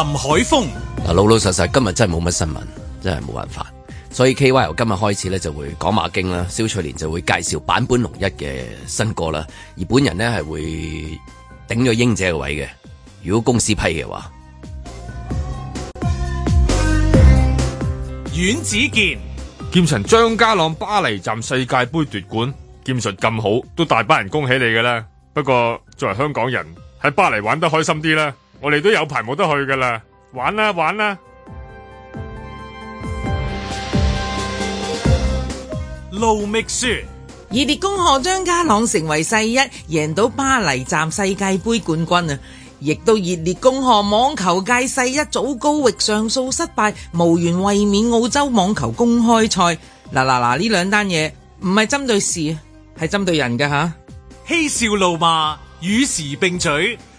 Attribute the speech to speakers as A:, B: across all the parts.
A: 林海峰
B: 嗱，老老實實，今日真係冇乜新聞，真係冇辦法，所以 K Y 由今日開始咧就會講馬經啦。蕭翠蓮就會介紹版本龍一嘅新歌啦，而本人呢係會頂咗英姐個位嘅。如果公司批嘅話，
A: 阮子健劍神張家朗巴黎站世界杯奪冠，劍術咁好，都大把人恭喜你嘅啦。不過作為香港人，喺巴黎玩得開心啲啦。我哋都有排冇得去噶啦，玩啦玩啦！盧
C: 覓雪熱烈恭賀張家朗成為世一，贏到巴黎站世界杯冠軍啊！亦都熱烈恭賀網球界世一早高域上訴失敗，無緣衛冕澳洲網球公開賽。嗱嗱嗱，呢兩單嘢唔係針對事，係針對人嘅吓，
A: 嬉、啊、笑怒罵與時並取。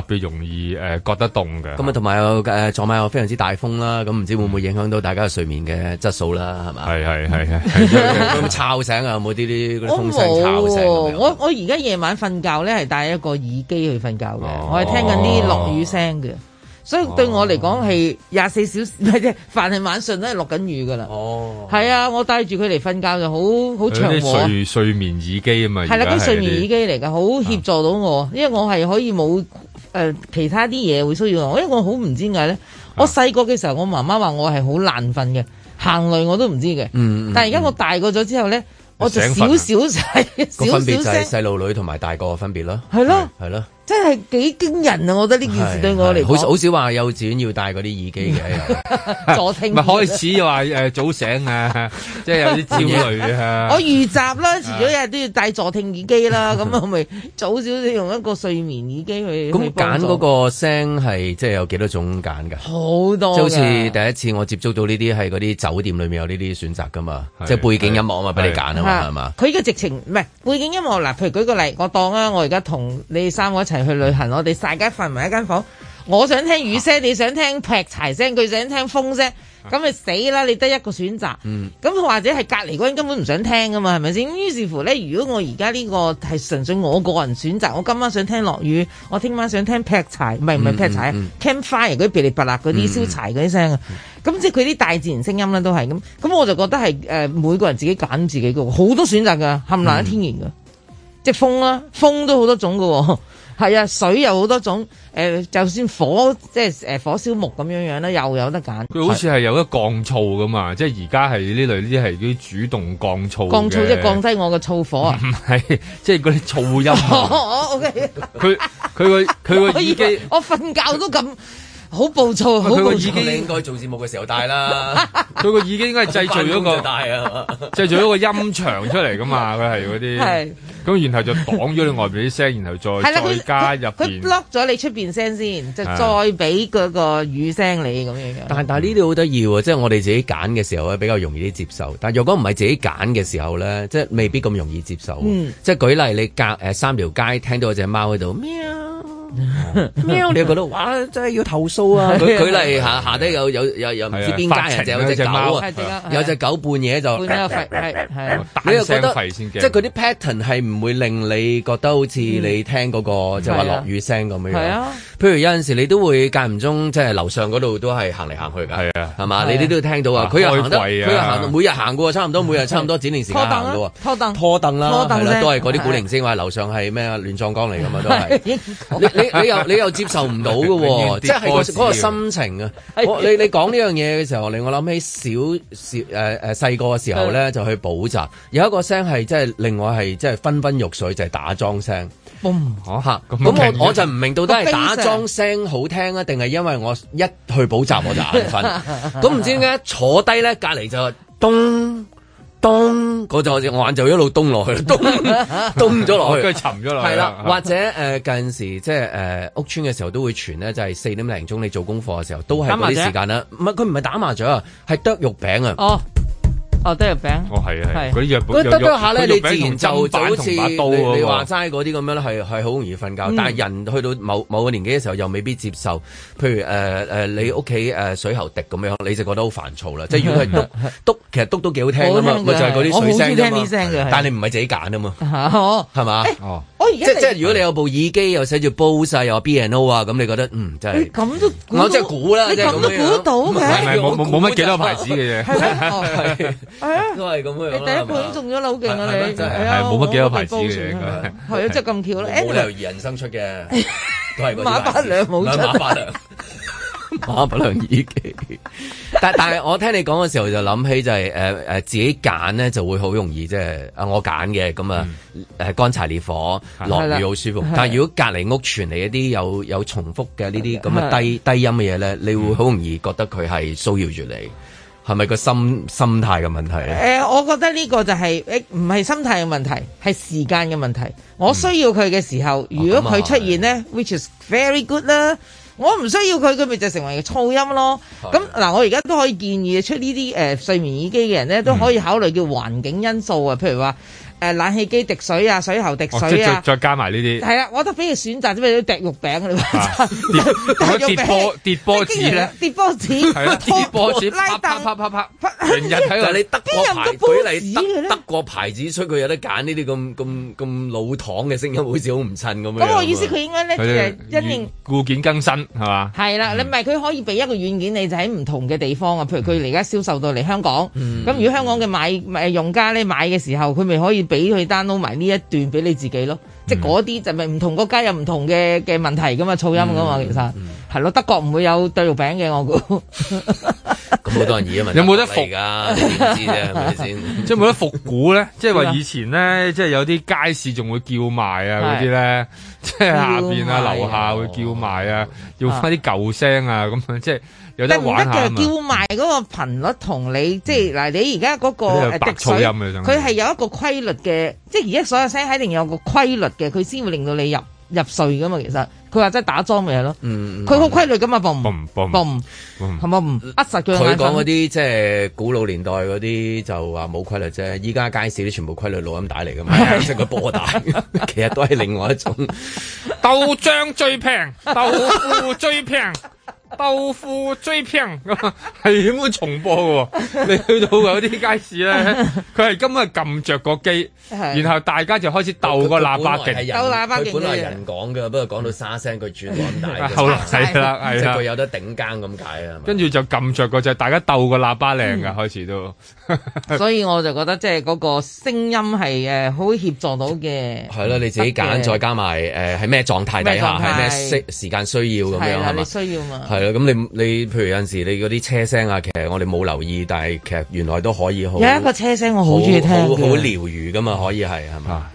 A: 特別容易誒、呃、覺得凍嘅，咁啊同埋有誒，尋晚又非常之大風啦，咁
B: 唔知會唔會影響到大家嘅睡眠嘅質素啦，係咪？係係係咁吵醒啊，有冇啲啲啲風聲吵醒？
C: 我我而家夜晚瞓覺咧係戴一個耳機去瞓覺嘅、哦，我係聽緊啲落雨聲嘅。所以對我嚟講，係廿四小時，係即凡係晚上都係落緊雨噶啦。哦，係、哦、啊，我帶住佢嚟瞓覺就好好長和睡，
A: 睡眠耳機啊嘛，係啦，啲睡眠耳機
C: 嚟噶，好協助到我，啊我，呃、我，因為我係可以冇誒其他啲嘢會騷擾。我，因為我好唔知點解咧。我細個嘅時候，我媽媽話我係好爛瞓嘅，行雷我都唔知嘅、嗯嗯。但係而家我大個咗之後咧、嗯，我就少少細少少細。
B: 路、啊、 女同埋大個嘅分別啦。係咯、啊、係、嗯、咯。
C: 真係幾驚人啊！我覺得呢件事對我嚟講，好少好
B: 少話幼稚園要戴嗰啲耳機嘅
A: 助聽的。唔 係開始話誒、呃、早醒啊， 即係有啲焦慮啊。 我預
C: 習啦，遲咗日都要戴助聽耳機啦，咁 咪早少少用一個睡眠耳機去。咁揀嗰個
B: 聲係即係有幾多種揀㗎？
C: 好多。即好似
B: 第一次我接觸到呢啲係嗰啲酒店裏面有呢啲選擇㗎嘛，即係、就是、背景音樂啊嘛，俾你揀啊嘛係嘛。
C: 佢呢個直情唔係背景音樂嗱，譬如舉個例，我當啊，我而家同你哋三個一齊。去旅行，我哋曬街瞓埋一間房。我想聽雨聲，你想聽劈柴聲，佢想聽風聲，咁咪死啦！你得一個選擇。咁、嗯、或者係隔離嗰人根本唔想聽㗎嘛，係咪先？於是乎咧，如果我而家呢個係純粹我個人選擇，我今晚想聽落雨，我聽晚想聽劈柴，唔係唔係劈柴 campfire 嗰啲噼里啪啦嗰啲燒柴嗰啲聲啊，咁即係佢啲大自然聲音啦，都係咁。咁我就覺得係、呃、每個人自己揀自己嘅好多選擇㗎，冚 𠾴 天然㗎、嗯，即係風啦，風都好多種㗎喎。係啊，水有好多種，誒、呃，就算火，即係誒、呃，火燒木咁樣樣咧，又有得揀。佢好似
A: 係有得降噪噶嘛，即係而家係呢類呢啲係啲主動降噪。降噪即係降
C: 低我個燥火啊？唔
A: 係，即係嗰啲噪音。OK，佢，佢個，佢個耳機
C: 我，我瞓覺都咁。好暴躁，佢個耳機應
B: 該做節目嘅時候戴啦。
A: 佢 個耳機應該係製造咗個製造咗個音場出嚟噶嘛？佢係嗰啲，咁然後就擋咗你外邊啲聲， 然後再再加入佢
C: block 咗你出邊聲先，就再俾嗰個雨聲你咁樣樣。但但係呢啲好
B: 得意喎，即係我哋自己揀嘅時候咧，比較容易啲接受。但係，若果唔係自己揀嘅時候咧，即係未必咁容易接受。即係、嗯、舉例，你隔誒三條街聽到隻貓喺度喵。咩？ 你又覺得哇，真係要投訴啊！佢佢嚟吓下低有有有又唔知邊家人，就有隻狗啊！有隻狗,狗半夜就，係係打聲吠先即係嗰啲 pattern 係唔會令你覺得好似、嗯、你聽嗰、嗰個話落、就係、雨聲咁樣樣、啊。譬如有陣時你都會間唔中，即係樓上嗰度都係行嚟行去噶。係嘛？你啲都聽到啊！佢又行到每日行過，差唔多每日差唔多時間行拖凳，拖凳啦都係嗰啲古鈴聲嘛。樓上係咩亂葬崗嚟噶嘛都係。 你你，你又你又接受唔到㗎喎，即係嗰、嗰個嗰個心情啊！我你你講呢樣嘢嘅時候，令我諗起小小誒誒細個嘅時候咧，就去補習，有一個聲係即係令我係即係昏昏欲睡，就係、係、打樁聲。我唔可吓咁我我就唔明，到底係打樁聲好聽啊，定係因為我一去補習我就眼瞓。咁 唔知點解坐低咧，隔離就咚。當嗰就我眼就一路凍落去，凍凍咗落去，沉咗落去。係啦，或者誒、呃、近時即係誒屋村嘅時候都會傳咧，就係、是、四點零鐘你做功課嘅時候都係嗰啲時間啦。唔係，佢唔係打麻雀啊，係剁肉餅啊。哦。
C: 哦，得日餅，哦係啊係，嗰啲藥餅，得得下咧，你自然就就好似你，你話
B: 齋嗰啲咁樣咧，係係好容易瞓覺。但係人去到某、嗯、某個年紀嘅時候，又未必接受。譬如誒誒、呃呃，你屋企誒水喉滴咁樣，你就覺得好煩躁啦。嗯、即係、嗯、如果係督督，其實督都幾好聽啊嘛，咪就係嗰啲水聲。但係你唔係自己揀啊嘛，係、啊、嘛、欸欸？哦，即係即係如果你有部耳機又寫住 Bose 又 B&O 啊，咁你覺得嗯真係，咁
C: 都攞即係估啦，你咁都估到嘅，
B: 冇乜幾多牌子嘅嘢。
C: 哎、都係咁嘅，你第一款中咗好勁啊，你，係啊，冇乜幾多牌子
B: 嘅，係啊，即係咁巧啦。誒，呢條人生出嘅、哎，都
C: 係馬百良，冇錯，馬百良，
B: 馬百良耳機。但但係我聽你講嘅時候，就諗起就係誒誒自己揀呢，就會好容易即係啊，我揀嘅咁啊誒，乾柴烈火，落、嗯、雨好舒服。但係如果隔籬屋傳嚟一啲有有重複嘅呢啲咁嘅低低音嘅嘢咧，你會好容易覺得佢係騷擾住你。係咪個心心態嘅問題咧？
C: 誒、呃，我覺得呢個就係、是、誒，唔係心態嘅問題，係時間嘅問題。我需要佢嘅時候，嗯哦、如果佢出現咧，which is very good 啦。我唔需要佢，佢咪就成為噪音咯。咁、嗯、嗱、嗯，我而家都可以建議出呢啲誒睡眠耳機嘅人咧，都可以考慮叫環境因素啊，譬如話。誒冷氣機滴水啊，水喉滴水啊，
A: 再加埋呢啲係
C: 啊，我都俾佢選擇咗咩？滴肉餅啊，
A: 跌波跌波子咧，
C: 跌波子係啊，跌波
B: 子，
A: 啪啪啪啪啪，
B: 全日睇佢，你得個舉例，得得個牌子出佢有得揀呢啲咁咁咁老闆嘅聲音好似好唔襯咁樣。咁我意思佢應
A: 該咧，就係因應固件更新係嘛？
C: 係啦，你唔係佢可以俾一個軟件，你就喺唔同嘅地方啊，譬如佢而家銷售到嚟香港，咁如果香港嘅買誒用家咧買嘅時候，佢咪可以。俾佢 download 埋呢一段俾你自己咯，即係嗰啲就咪唔同國家有唔同嘅嘅問題噶嘛，噪音噶嘛，其實係咯，嗯嗯、德國唔會有剁肉餅嘅我估。
A: 咁、嗯、好、嗯、 多人熱啊嘛，有冇得復噶？唔知啫係咪先？即係冇得復古咧，即係話以前咧，即係有啲街市仲會叫賣啊嗰啲咧，即係下邊啊樓下會叫賣啊，要翻啲舊聲啊咁、啊、樣即係。有得玩下能能叫
C: 賣嗰個頻率同你即係嗱，你而家嗰個白噪音啊！佢係有一個規律嘅，即係而家所有聲肯定有個規律嘅，佢先會令到你入入睡噶嘛。其實佢話即係打裝嘅嘢咯，佢好規律噶嘛，boom boom boom，係咪唔一實嘅？佢
B: 講嗰啲即係古老年代嗰啲就話冇規律啫，依家街市啲全部規律錄音帶嚟噶嘛，即係個波帶，其實都係另外一種。
A: 豆漿最平，豆腐最平。豆腐追平，係 點樣重播嘅？你去到有啲街市咧，佢係今日撳着個機， 然後大家就開始鬥個喇叭勁，鬥喇叭勁佢本來人講嘅，不過講到沙聲，佢轉咁大。後嚟死啦，係佢有
B: 得頂更咁解。
A: 跟住就撳着個就，大家鬥個喇叭靚嘅開始都。嗯
C: 所以我就覺得即係嗰個聲音係誒好協助到嘅。係啦，你自己揀，再
A: 加埋誒喺咩狀態底下喺咩
B: 時時間需要咁樣係咪需要嘛？係啦，咁你你譬如有陣時候你嗰啲車聲啊，其實我哋冇留意，但係其實原來都可以好。有一個車聲我好中意聽，好療愈噶嘛，可以係
C: 係嘛？啊啊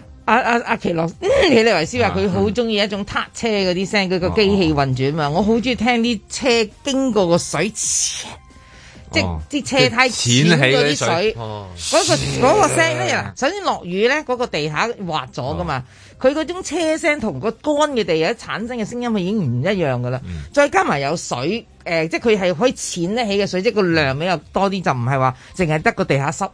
C: 阿奇洛，奇洛李維斯話佢好中意一種撻車嗰啲聲，佢個機器運轉嘛，我好中意聽啲車經過個水池即係車胎濺起啲水，嗰、哦哦那個嗰、那個聲首先落雨咧，嗰、那個地下滑咗噶嘛，佢、哦、嗰種車聲同個乾嘅地產生嘅聲音，佢已經唔一樣噶啦、嗯。再加埋有水，呃、即係佢係可以濺得起嘅水，即係個量比較多啲，就唔係話淨係得個地下濕。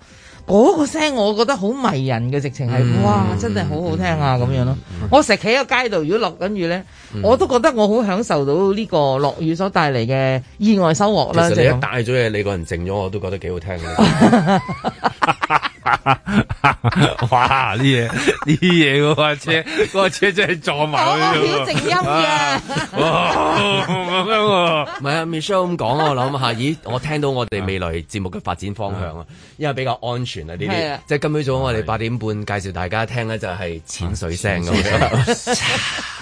C: 嗰、那個聲我覺得好迷人嘅，直情係、嗯、哇，真係好好聽啊咁、嗯、樣咯、嗯。我成日企喺個街度，如果落緊雨咧、嗯，我都覺得我好享受到呢個落雨所帶嚟嘅意外收穫啦。其實你一
B: 帶咗嘢，你個人靜咗，我都覺得幾好聽嘅。 哇！呢嘢呢嘢嗰架車，嗰架 車真係坐埋，好偏靜音嘅。唔係啊，Michelle 咁講我諗下，咦，我聽到我哋未來節目嘅發展方向啊， 因為比較安全啊，呢 啲即係今朝早我哋八點半介紹大家聽咧，就係淺水聲咁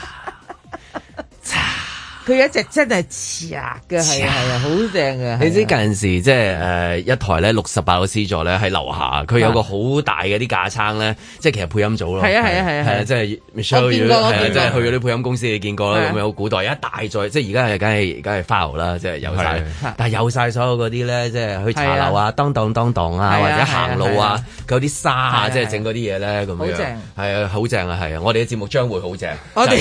C: 佢一直真係黐牙嘅，係啊係啊，好正啊！你知、啊、近
B: 時即係誒一台咧六十八個 C 座咧喺樓下，佢有個好大嘅啲架撐咧，即係其實配音組咯。係啊係啊，啊，啊，啊，係啊，啊啊即係 show 咗，即係、啊啊就是、去咗啲配音公司，你見過啦。咁有、啊、古代有一大座，即係而家係梗係梗係花流啦，即係有晒。啊、但係有晒所有嗰啲咧，即係去茶樓啊，當當當當啊，啊或者行路啊，佢啲沙啊，即係整嗰啲嘢咧，咁樣。好正係啊！好正啊！係啊！我哋嘅節目將會好正。我哋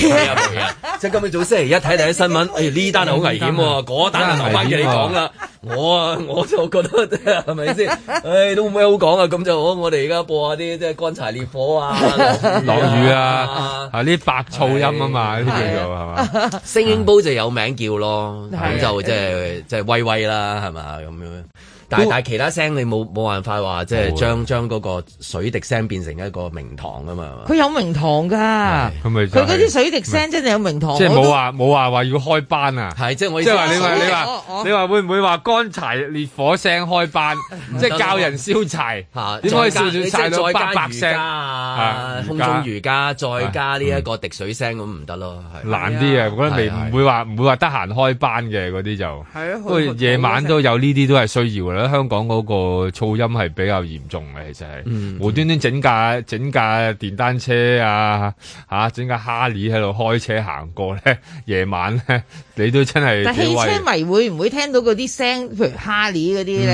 B: 即係今日早星期一睇第一新聞。哎，呢單又好危險喎、啊，嗰單又留翻講啦。我啊，我就覺得，係咪先？哎，都冇咩好講啊。咁就我哋而家播一下啲即係乾柴烈火啊，
A: 落、啊、雨啊，係、啊、啲、啊啊啊、白噪音啊嘛，呢啲叫做係嘛？
B: 聲英煲就有名叫咯，咁、啊、就即係、啊、即係、啊、威威啦，係咪？咁樣。但係其他聲你冇冇辦法話即係將將嗰個水滴聲變成一個
A: 名堂啊嘛？
C: 佢有名堂㗎，
A: 佢佢嗰啲
C: 水滴聲真係有名堂。即係冇話
A: 冇話話要開班啊？係即係我即係話你話你話你，你，你會唔會話乾柴烈火聲開班，即係教人燒柴嚇？點可以燒晒到白，白聲啊？空中瑜伽
B: 再加呢一個滴水聲咁唔得咯，
A: 難啲嘅、啊啊，我覺得唔、啊、會話唔得閒開班嘅嗰啲就，不過夜、啊、晚都有呢啲都係需要啦。香港嗰個噪音係比較嚴重嘅，其實係、嗯、無端端整架整架電單車啊嚇、啊，整架哈利喺度開車行過咧，夜晚咧你都真係。但汽車迷
C: 會唔會聽到嗰啲聲？譬如哈利嗰啲咧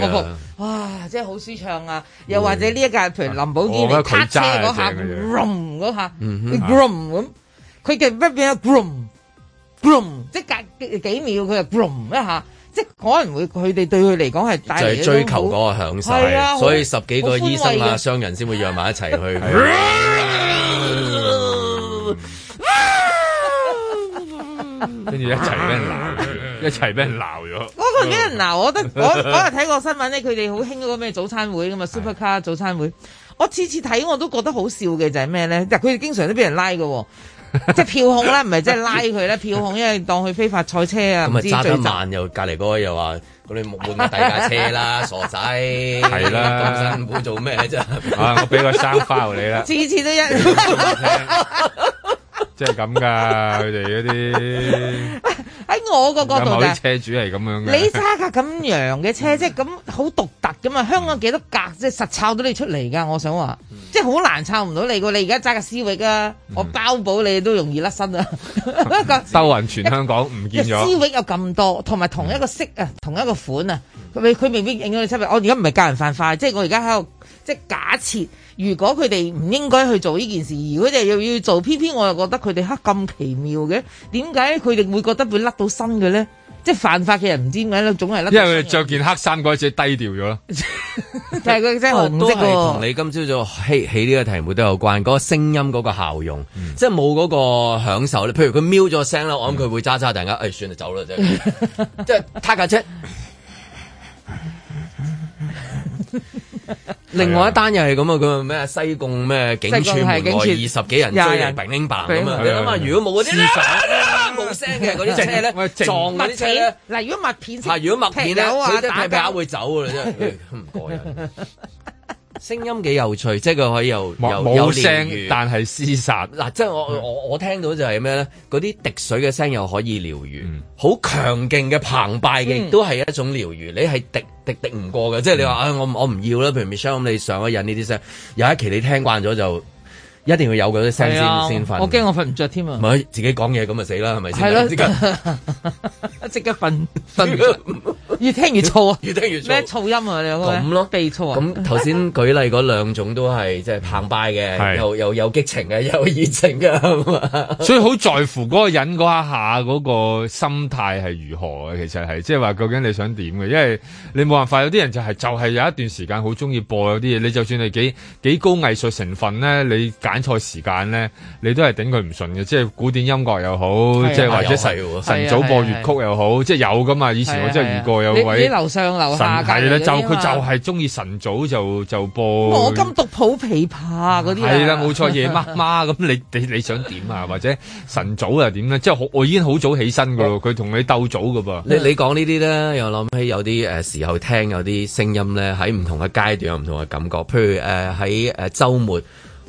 C: 嚇，哇！即係好舒暢啊！又、嗯、或者呢一架譬如林寶堅尼嗰下，嗰、哦、下，嗰下，嗰 room 下，嗰、啊、下，嗰下，嗰下，嗰下，即隔幾秒佢就 r o o m 一下，下，呃呃呃即可能會佢哋對佢嚟講係，就係追求嗰個享受、啊，所以十幾個醫生啊
B: 商人先會約埋一齊去，跟
A: 住、啊、 一齊俾人鬧， 一齊俾人鬧咗。
C: 嗰個人俾人鬧，我覺得我我係睇過新聞咧，佢哋好興嗰個咩早餐會㗎嘛。Supercar 早餐會。餐會啊、我次次睇我都覺得好笑嘅就係咩咧？嗱，佢哋經常都俾人拉㗎喎。 即係票控啦，唔係即係拉佢啦，票控因為當佢非法賽車啊，唔 知最揸得慢
B: 最又隔籬嗰位又話，咁 你換架大架車啦， 傻仔係啦，咁唔好做咩啫？ 這樣 這樣 啊，我俾個生花你啦，次次都一，
A: 麼說 即係咁噶，佢哋嗰啲。
C: 我個度嘅，車
A: 主係咁樣嘅。你揸
C: 架咁樣嘅車，即係咁好獨特噶嘛？香港幾多格，即係實抄到你出嚟噶？我想話，即係好難抄唔到你。你而家揸架思域啊，我包保你都容易甩身啊！
A: 收雲全香港唔見咗。思域
C: 有咁多，同埋同一個色啊，同一個款啊，佢佢明明影到你出嚟。我而家唔係教人犯法，即係我而家喺度即係假設。如果佢哋唔應該去做呢件事，如果就又要做，偏偏我又覺得佢哋黑咁奇妙嘅，點解佢哋會覺得會甩到身嘅咧？即係犯法嘅人唔知點解都總係甩。因為
A: 佢著件黑衫嗰時低調咗啦。
C: 但係佢真係紅色。都係同
B: 你今朝早起起呢個題目都有關，嗰、嗰個聲音，嗰個效用，嗯、即係冇嗰個享受咧。譬如佢喵咗聲啦，我諗佢會揸揸大家誒算啦，走啦，即
C: 係即 另外一單又
B: 係咁啊，佢話咩啊，西貢咩警署門外二十幾人追兵兵棒咁啊！你諗下，如果冇嗰啲咧，冇
C: 聲嘅嗰啲車咧，撞嗰啲車嗱，如果麥片，啊，係如
B: 果麥片咧，嗰啲，啊、會走嘅，真係唔過癮。 聲音幾有趣，即係佢可以又冇聲，但係廝殺嗱，即係我、嗯、我我聽到就係咩咧？嗰啲滴水嘅聲又可以療愈，好、嗯、強勁嘅澎湃嘅、嗯、都係一種療愈。你係滴滴滴唔過嘅，即係你話、嗯哎、我我唔要啦。譬如 Michelle 咁，你上一引呢啲聲，有一期你聽慣咗就。一定要有嗰啲聲先先瞓，我驚我瞓唔着添啊！唔係自己講嘢咁就死啦，係咪先？係咯，
C: 即刻瞓瞓越聽越燥啊！ 越聽越咩噪，噪音啊？你有個咁咯，鼻噪啊！咁頭
B: 先舉例嗰兩種都係即係澎湃嘅，又 又有，有，有激情嘅，有熱情嘅，
A: 所以好在乎嗰個人嗰一下嗰個心態係如何啊！其實係即係話究竟你想點嘅？因為你冇辦法有啲人就係就係有一段時間好中意播有啲嘢，你就算係幾，幾高藝術成分咧，你比賽時間咧，你都係頂佢唔順嘅，即係古典音樂又好，即係、啊、或者晨、啊啊、早播粵曲又好，啊啊啊、即係有噶嘛、啊啊？以前我真係遇過有位神，你樓
C: 上樓下係啦、啊，就佢就係
A: 中意晨早就就播，哦、我今
C: 獨抱琵琶嗰啲係啦，冇錯、啊，夜媽媽
A: 咁，你你你想點啊？或者晨早又點咧？即係我已經好早起身噶咯，佢 同你鬥早噶噃。你你講呢啲咧，
B: 又諗起有啲誒時候聽有啲聲音咧，喺唔同嘅階段有唔同嘅感覺，譬如誒喺誒週末。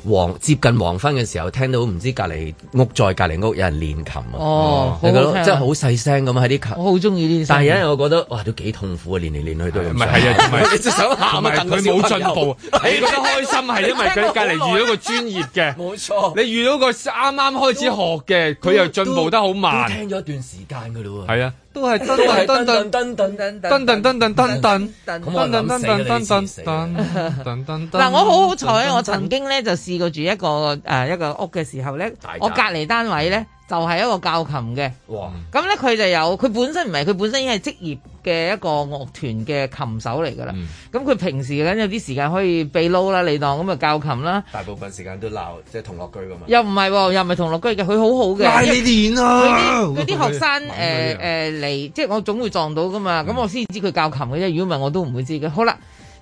B: 黃接近黃昏嘅時候，聽到唔知隔離屋再隔離屋有人練琴啊！哦，你覺得即係好細聲咁喺啲琴。我好中意呢啲。但係有我覺得，哇！都幾痛苦啊，練嚟練去都咁。唔係係啊，唔呀、啊啊。你只想行埋佢冇進步、啊。你覺得開心係因為佢隔離遇到個
A: 專業嘅，冇錯。你遇到個啱啱開始學嘅，佢又進步得好慢。都，都，都
B: 聽咗一段時間㗎啦喎。係啊。都係噔噔噔噔噔噔噔噔噔噔噔噔噔噔噔噔噔
A: 噔噔噔。噔，嗱，我好
D: 好彩，我曾
C: 經咧就試過住一個誒，一個屋嘅時候咧，我隔離單位咧。就係、是、一個教琴嘅，哇！咁咧佢就有，佢本身唔係，佢本身已經係職業嘅一個樂團嘅琴手嚟噶啦。咁、嗯、佢平時咁有啲時間可以被撈啦，你當咁就教琴啦。大部分時間都鬧，即、就、係、是、同樂居噶嘛。又唔係、哦，又唔係同樂居嘅，佢好好嘅。嗌你練啊！嗰啲學生誒誒嚟，即係我總會撞到噶嘛。咁、嗯、我先知佢教琴嘅啫。如果唔係，我都唔會知嘅。好啦。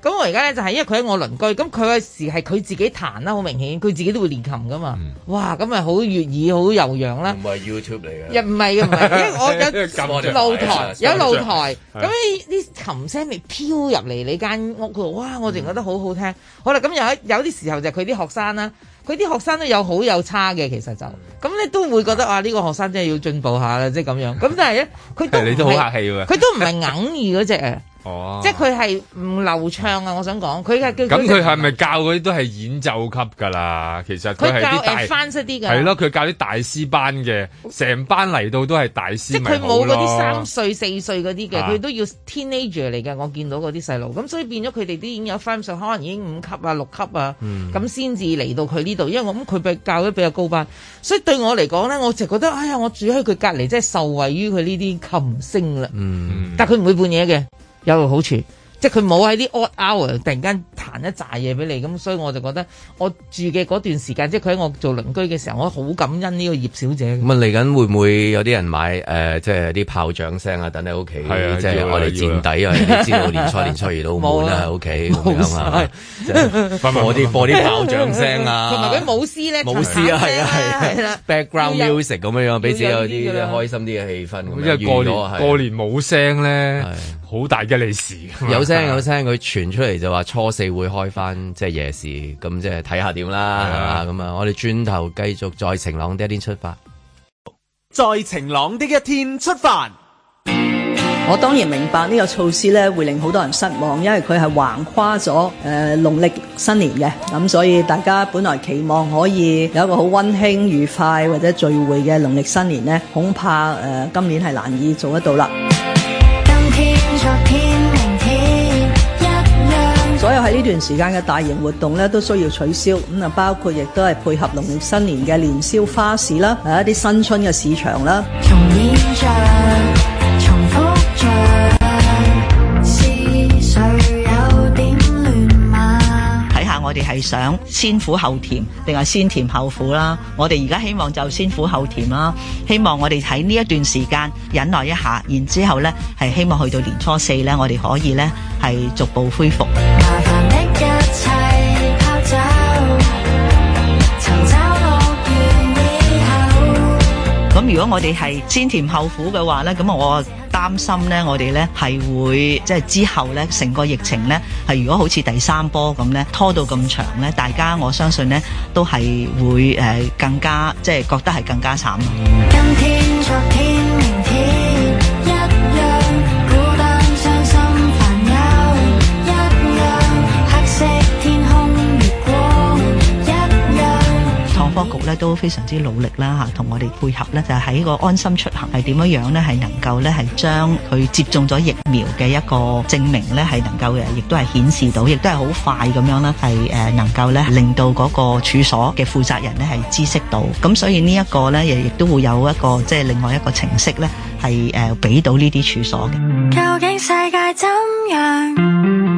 C: 咁我而家咧就係、是、因為佢喺我鄰居，咁佢嗰時係佢自己彈啦，好明顯，佢自己都會練琴㗎嘛。嗯、哇，咁咪好悅耳，好悠揚啦。唔係 YouTube 嚟嘅。又唔係嘅， 因為我有我、啊、露台我、啊，有露台，咁呢啲琴聲咪飄入嚟你間屋嘅。哇，我仲覺得好好聽。嗯、好啦，咁有有啲時候就係佢啲學生啦，佢啲學生都有好有差嘅，其實就咁、嗯、你都會覺得、嗯、啊，呢、呢個學生真係要進步下啦，即係咁樣。咁但係咧，佢都唔係，你都好客氣喎，佢 都唔係硬語嗰隻哦、即係佢係唔流暢啊！我想講，佢係咁佢係咪
A: 教嗰啲都係演奏級㗎啦？其實佢係教返啲嘅係咯，佢教啲大師班嘅，成班嚟到都係大師。即係佢冇嗰啲三
C: 歲四歲嗰啲嘅，佢、啊、都要 teenager 嚟嘅。我見到嗰啲細路，咁所以變咗佢哋都已經有翻上，可能已經五級啊、六級啊，咁先至嚟到佢呢度。因為我諗佢教得比較高班，所以對我嚟講咧，我成日覺得哎呀，我住喺佢隔離，真係受惠於佢呢啲琴聲啦、嗯。但佢唔會半夜嘅。有個好處。即佢冇喺啲 odd hour 突然間彈一紮嘢俾你，咁所以我就覺得我住嘅嗰段時間，即係佢喺我做鄰居嘅時候，我好感恩呢個葉小姐。
B: 咁啊嚟緊會唔會有啲人買誒、呃、即係啲炮仗聲啊，等你屋企即係我哋墊底，啊，啊你知道年初年初二都好悶啦，屋企咁樣是是、就是、 啊，我啲播啲炮仗聲啊，同埋佢
C: 舞獅咧，舞獅啊，係啊係
B: 啊，啊，啊
A: ，background music 咁樣樣俾自己有啲
B: 開心啲嘅氣氛咁樣，因為過、啊。過年過
A: 年冇聲咧，
B: 好大嘅利是。有聲聽有聲，佢傳出嚟就話初四會開返，即係夜市，咁即係睇下點啦。係咪？咁啊，我哋轉頭繼續在晴朗的一天出發。
E: 在晴朗的一天出發，我當然明白呢個措施咧會令好多人失望，因為佢係橫跨咗誒農曆新年嘅，咁所以大家本來期望可以有一個好溫馨愉快或者聚會嘅農曆新年咧，恐怕誒、呃、今年係難以做得到啦。喺呢段時間嘅大型活動咧都需要取消，咁、嗯、啊包括亦都係配合農曆新年嘅年宵花市啦，係、啊、一啲新春嘅市場啦。重演著，重複著，
D: 思緒有點亂
E: 嗎、啊？睇下我哋係想先苦後甜定係先甜後苦啦？我哋而家希望就先苦後甜啦，希望我哋喺呢一段時間忍耐一下，然之後咧係希望去到年初四咧，我哋可以咧係逐步恢復。如果我哋係先甜後苦嘅話咧，咁我擔心咧，我哋咧係會即係之後咧，成個疫情咧係如果好似第三波咁咧，拖到咁長咧，大家我相信咧都係會誒更加即係、就是，覺得係更加慘。今天
D: 昨天
E: 當局咧都非常之努力啦嚇，同我哋配合咧，就喺個安心出行係點樣樣咧，係能夠咧係將佢接種咗疫苗嘅一個證明咧係能夠誒，亦都係顯示到，亦都係好快咁樣啦，係誒能夠咧令到嗰個處所嘅負責人咧係知悉到，咁所以呢一個咧亦亦都會有一個即係另外一個程式咧係誒俾到呢啲處所嘅。
B: 究竟世界怎樣？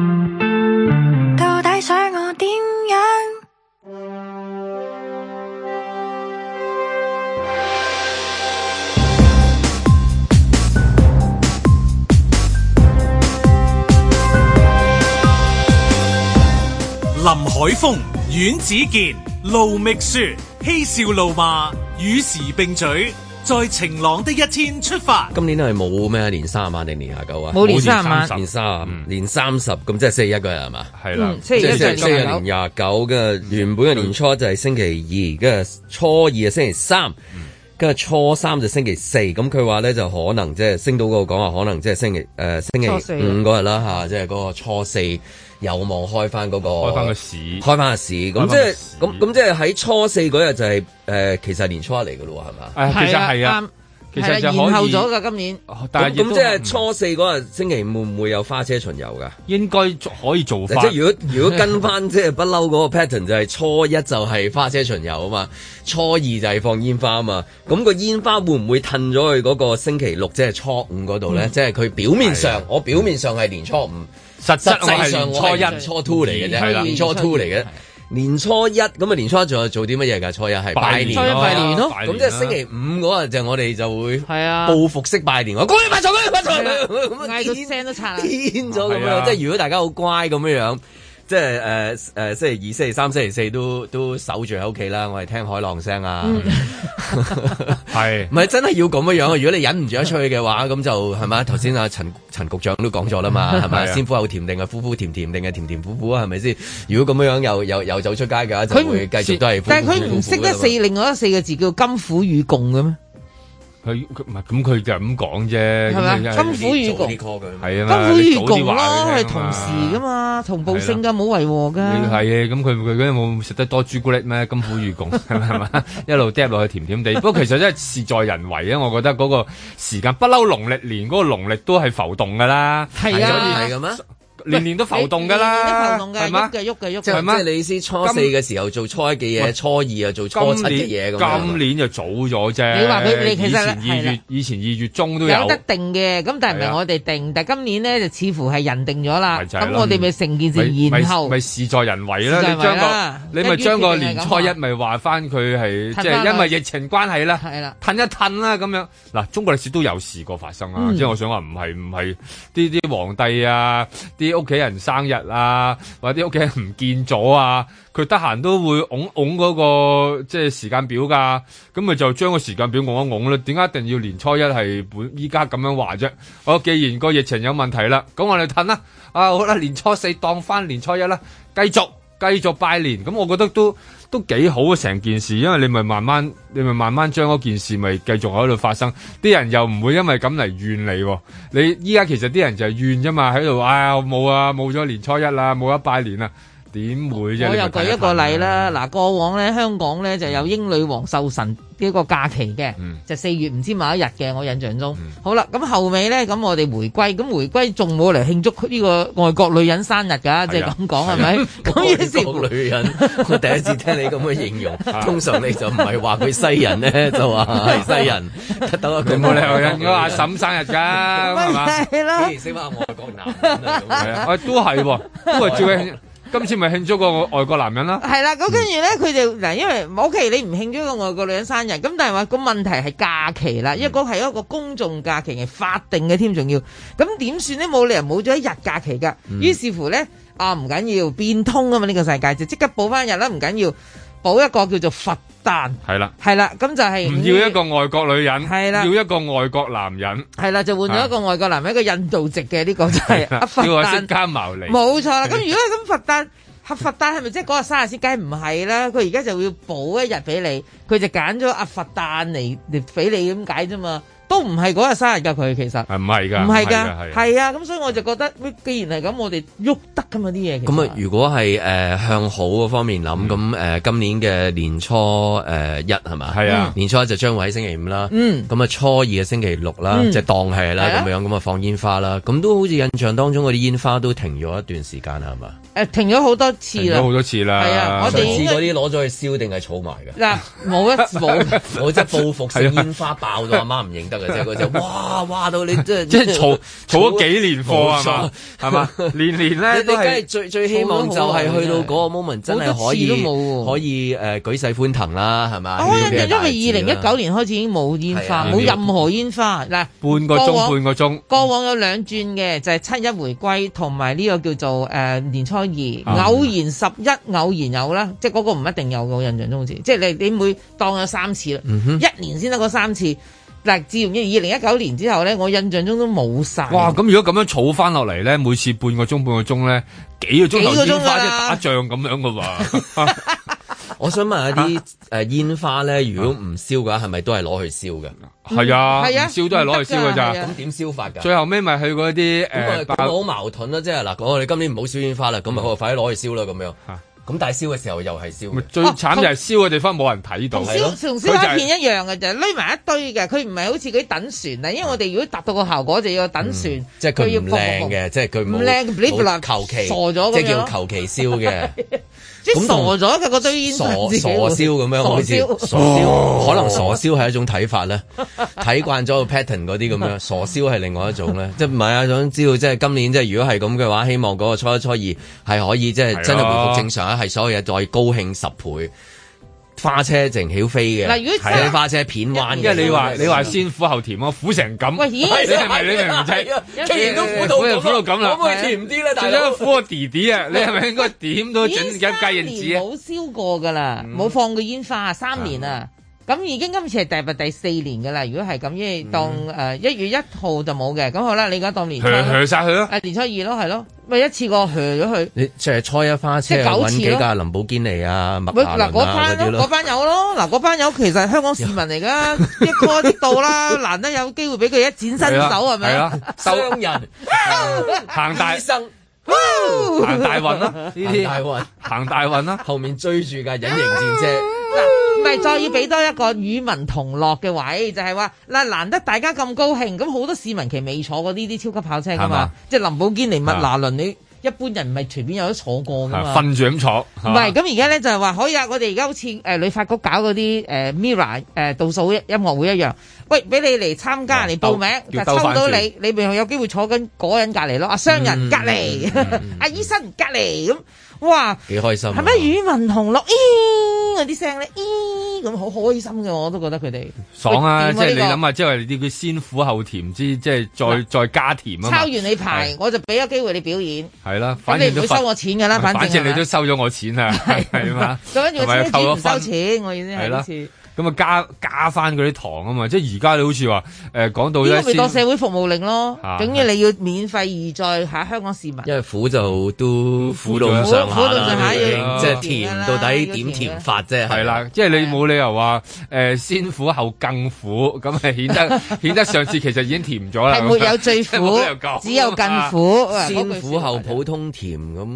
A: 林海峰、阮子健、盧覓雪，嬉笑怒罵，與時並舉。
B: 在晴朗的一天出發。今年都係冇咩，年卅晚定年廿九啊？冇年卅晚、啊，年卅年三十咁、嗯嗯嗯，即係星期一嗰日係嘛？係啦，即係即係年廿九嘅原本嘅年初就係星期二，跟住初二就星期三，跟住初三就星期四。咁佢話咧就可能即係升到嗰個講話，可能即係星期誒、呃、星期五嗰日啦吓，即係嗰個初四。有望開翻、那、嗰個，開翻個市，開翻個市。咁即係，咁咁即係喺初四嗰日就係、是，誒、呃，其實年初一嚟嘅咯，係嘛、哎？其實係啊，其實就可以延後咗㗎。
C: 今年。咁、哦、咁即係
B: 初四嗰日星期五會唔會有花車巡遊㗎？應該可以做翻即係如果如果跟翻 即係不嬲嗰個 pattern 就係初一就係花車巡遊啊嘛，初二就係放煙花啊嘛。咁、那個煙花會唔會褪咗去嗰個星期六即係、就是、初五嗰度咧？即係佢表面上、啊，我表面上係年初五。實際上初一、初二嚟嘅啫，年初二嚟嘅。年初一咁啊，年初一仲有做啲乜嘢㗎？初一係拜年、喔，拜年咯。咁即係星期五嗰日就我哋就會係啊，報復式拜年，恭喜發
C: 財，恭喜發財，咁嗌啲聲都拆天咗咁樣，即係
B: 如果大家好乖咁樣樣。即係誒誒，星期二、星期三、星期四都都守住喺屋企啦。我哋聽海浪聲啊，係唔係真係要咁樣啊？如果你忍唔住一出去嘅話，咁就係咪？頭先阿陳陳局長都講咗啦嘛，係咪啊？先苦後甜定係苦苦甜甜定係甜甜苦苦啊？係咪先？如果咁樣樣又又又
A: 走出街嘅話，就會繼續都係，但係佢唔識得四
C: 另外一四個字叫甘苦與共嘅咩？
A: 佢唔係咁佢就咁講啫，金虎
C: 與共，係啊嘛，早啲話咯，係同時噶嘛，同步性噶，冇違和噶。
A: 係啊，咁佢佢冇食得多朱古力咩？金虎與共，係 嘛？一路嗒落去甜甜地。 不過其實真係事在人為啊！我覺得嗰個時間不嬲，農曆年嗰個農曆都係浮動噶啦。係啊，係咁啊。年年都浮動噶啦，係咩？係
B: 咩？即係你先、就是、初四嘅時候做初一嘅嘢，初二又做初七嘅嘢咁樣今。今年就早咗啫。你話
C: 佢，你其實二月
A: 以前二月中都有得
C: 定嘅。咁但係唔係我哋定，但係今年咧就似乎係人定咗啦。咁我哋咪成件事、嗯、延後，
A: 咪事在人為啦。你將個你咪將個,個年初一咪話翻佢係，即係、就是、因為疫情關係啦，褪一褪啦咁樣。嗱，中國歷史都有試過發生啦。即、嗯、係我想話唔係唔係啲啲皇帝啊啲。屋企人生日啊，或者屋企人唔見咗啊，佢得閒都會㧬㧬嗰個即係時間表噶咁咪就將個時間表㧬一㧬啦。點解一定要年初一係本依家咁樣話啫？我、哦、既然個疫情有問題啦，咁我哋褪啦，啊好啦，年初四當翻年初一啦，繼續繼續拜年，咁我覺得都。都幾好啊！成件事，因為你咪慢慢，你咪慢慢將嗰件事咪繼續喺度發生。啲人又唔會因為咁嚟怨你喎。你依家其實啲人就係怨啫嘛，喺度啊我冇啊，冇咗年初一啦，冇得拜年啦。點會啫？我又舉一
C: 個例啦，嗱過往咧，香港咧就有英女王壽辰呢個假期嘅。嗯，就四、是、月唔知某一日嘅，我印象中。嗯、好啦，咁、嗯嗯、後尾咧咁我哋回歸，咁回歸仲冇嚟慶祝呢個外國女人生日噶，即係咁講係咪？
B: 咁於是，是、啊那個、外國女人，哈哈我第一次聽你咁嘅形容，哈哈通常你就唔係話佢西人咧，就話係西人、
A: 啊、得到佢冇理由我阿嬸生日噶，係、啊、嘛？幾時
D: 識翻外國
C: 男人都係，
A: 都係最、啊 今次咪慶祝個外國男人啦，係 啦、啊，咁跟住
C: 咧，佢哋嗱，因為冇期、OK，你唔慶祝個外國女人生日，咁但係話個問題係假期啦，因為嗰係一個公眾假期，法定嘅添，仲要，咁點算咧？冇理由冇咗一日假期噶，於是乎咧，啊唔緊要，變通啊嘛，呢、呢個世界就即刻補翻日啦，唔緊要。補一個叫做佛旦，係啦，係啦，咁就係、是、唔要一
A: 個外國女人，係啦，要一個外國男人，
C: 係啦，就換咗一個外國男人，一個印度籍嘅呢、這個就係、是，叫阿釋迦牟尼，冇錯 啦。咁如果咁佛旦，阿佛旦係咪即係嗰日卅啊先？梗係唔係啦，佢而家就要補一日俾你，佢就揀咗阿佛旦嚟嚟俾你咁解啫嘛。都唔係嗰日生日㗎，佢其實
A: 係唔係㗎？唔係
C: 㗎，係啊！咁所以我就覺得，既然係咁，我哋喐得㗎嘛啲嘢。咁啊，
B: 如果係誒、呃、向好嘅方面諗，咁、嗯、誒、呃、今年嘅年初誒、呃、一係嘛？係啊。年初一就將會喺星期五啦。嗯。咁啊，初二嘅星期六啦，嗯、即係當係啦，咁、啊、樣咁啊，放煙花啦。咁都好似印象當中嗰啲煙花都停咗一段時間係嘛？
C: 誒、呃，停咗好多次啦。好多次啦。係啊，我哋次嗰啲
B: 攞咗去燒定係儲埋
C: 㗎？嗱，冇一冇， 我即係、那個、報復性
B: 煙
A: 花爆到阿媽唔認得。嘩，係哇！哇
B: 到你真即係即係嘈嘈咗幾年貨係嘛，
A: 係嘛，年年咧。你梗係最最希望就係去到嗰個 moment 真係可
B: 以可以誒、呃、舉世歡騰啦，係嘛？我印象中因為二零一九
C: 年開始已經冇煙花，冇、啊、任何煙花嗱。半個鐘，半個鐘。過往有兩轉嘅就係、是、七一回歸同埋呢個叫做誒、呃、年初二、嗯、偶然十一偶然有啦，即係嗰個唔一定有嘅。我印象中好似即係你你每當咗三次啦、嗯，一年先得嗰三次。嗱，自二零一九年之後咧，我印象中都冇晒。哇！咁
A: 如果咁樣儲翻落嚟咧，每次半個鐘、半個鐘咧，幾個鐘頭煙花即係打仗咁樣嘅話，
B: 我想問一啲誒煙花咧，如果唔燒嘅話，係、啊、咪都係攞去燒嘅？係、嗯、啊，唔燒都係攞去燒嘅咋？咁點燒法㗎？最後尾咪去嗰啲誒，好、嗯嗯啊、矛盾啦，即係嗱，講我哋今年唔好燒煙花啦，咁咪好快啲攞去燒啦咁樣。啊。咁但係燒嘅時候
A: 又係燒、啊，最慘就係燒嘅地方冇人睇到，同燒花片一
C: 樣嘅就係匿埋一堆嘅，佢唔係好似佢等船啊，因為我哋如果達到個效果就要等船，即係佢唔靚
B: 嘅，即係佢唔靚，啦，求其，傻咗，即係叫求其燒嘅。 咁傻
C: 咗嘅嗰堆傻傻笑咁樣好似，可能傻
B: 笑係一種睇法咧，睇 慣咗個 pattern 嗰啲咁樣， 傻笑係另外一種咧。即唔係啊？想知道即係今年即係如果係咁嘅話，希望嗰個初一初二係可以即係 真係回復正常啊，係 所有嘢再高興十倍。花車鄭曉菲嘅，係啊，花車片彎，因為你話你話
A: 先苦後甜啊，苦成咁，你明唔明？你明唔明？既然都苦到苦到咁啦，咁咪甜啲啦。最憎苦個弟弟啊！你係咪應該點都整緊戒煙字啊？冇
C: 燒過噶啦，冇放過煙花啊，三年啊。嗯咁已經今次係第第四年㗎啦，如果係咁，因為當誒一月一號就冇嘅。咁、嗯、好啦，你而家當年初去，去佢曬佢咯，年初二咯，係咯，咪一次過去咗佢。
B: 你即係初一花車揾幾架林寶堅尼啊？嗱、啊，嗰班、班咯，嗰班
C: 咯，嗱嗰班友其實香港市民嚟噶，一 call 到啦， 難得有機會俾佢一展身手係咪？係啊，是是啊，商人、 呃、
A: 行大運、 啊，行大運 行大運，行大運啦，後面
B: 追住架隱形戰車。
C: 嗱，唔係再要俾多一個與民同樂嘅位，就係話嗱，難得大家咁高興，咁好多市民其實未坐過呢啲超級跑車噶嘛，即係林寶堅尼嚟、麥拿倫，你一般人唔係隨便有得坐
A: 過噶嘛，瞓住咁坐。唔係，
C: 咁而家咧就係話可以啊，我哋而家好似誒旅發局搞嗰啲誒 Mirror 誒倒數音樂會一樣，喂，俾你嚟參加嚟報名，就抽到你，你咪有有機會坐緊嗰人隔籬咯，啊，商人隔籬，阿醫生隔籬咁。哇，
B: 幾開心、啊！係咪
C: 與民同樂？咦，嗰啲聲咧，咦咁好開心嘅，我都覺得佢哋爽啊！即係你
A: 諗下，即係啲先苦後甜之，即係再再加甜啊！抄完你牌，
C: 我就俾個機會你表演。
A: 係啦、啊，反正你唔會收我
C: 錢㗎啦，反正。反正你都
A: 收咗我錢啊，係嘛、啊？咁跟住我唔、啊啊、收錢、啊，我已經係。咁啊加加翻嗰啲糖啊嘛，即係而家你好似話誒講到一先，依家咪當社
C: 會服務令咯，咁要你要免費而再下香港市民，
A: 啊、因苦就都苦到上下即係甜，甜，甜到底點甜法啫？係啦，即係、啊啊啊、你冇理由話誒、呃、先苦後更苦，咁係顯得 顯得上次其實已經甜咗啦，係 沒有最苦，只
C: 有更苦，先
A: 苦後普通甜咁，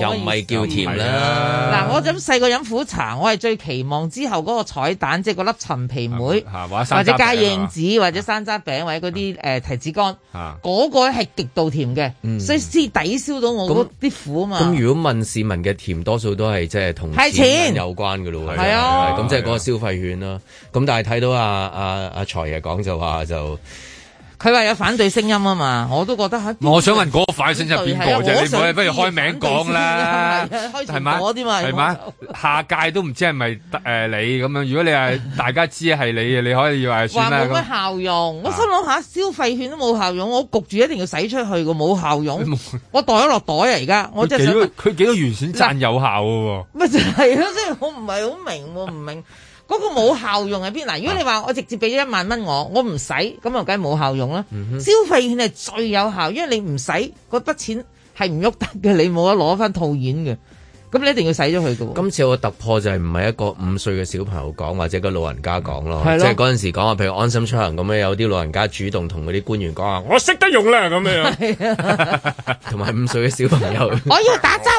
A: 又唔係叫甜啦。嗱、啊，我
C: 咁細個飲苦茶，我係最期望之後嗰個彩。蛋即係個粒陳皮梅，或者加燕子，或者山楂餅，或者嗰啲誒提子乾，嗰、嗰個係極度甜嘅，嗯，所以先抵消到我嗰啲苦啊嘛。咁、嗯、如
B: 果問市民嘅甜，多數都係即係同錢有關嘅咯，係、就是、啊，咁即係嗰個消費券啦。咁、啊啊、但係睇到阿阿阿財爺講就話就。
C: 佢話有反對聲音啊嘛，我都覺得、啊、我想問嗰個
B: 反對聲音係邊個啫？你
A: 唔係不如開名講啦，
B: 係嘛？嗰啲嘛，係嘛？
A: 下屆都唔知係咪誒你咁樣？如果你係大家知係你，你可以話算啦。話冇乜
C: 效用，我心諗下消費券都冇效用，我焗住一定要使出去個，冇效
A: 用，
C: 我袋咗落袋啊！而 家、就是、我真係想
A: 佢幾多完選贊有效噶？
C: 咩係咯，即係我唔係好明，唔明。嗰個，冇效用喺邊嗱？如果你話我直接俾咗一萬蚊我，我唔使咁又梗係冇效用啦、嗯。消費券係最有效，因為你唔使，嗰筆錢係唔喐得嘅，你冇得攞翻套現嘅。咁你一定要使咗佢㗎喎。今
B: 次我突破就係唔係一個五歲嘅小朋友講，或者個老人家講咯、嗯。即係嗰陣時講啊，譬如安心出行咁樣，有啲老人家主動同嗰啲官員講話
A: 我識得用啦咁樣。
B: 同埋五歲嘅小朋友 我打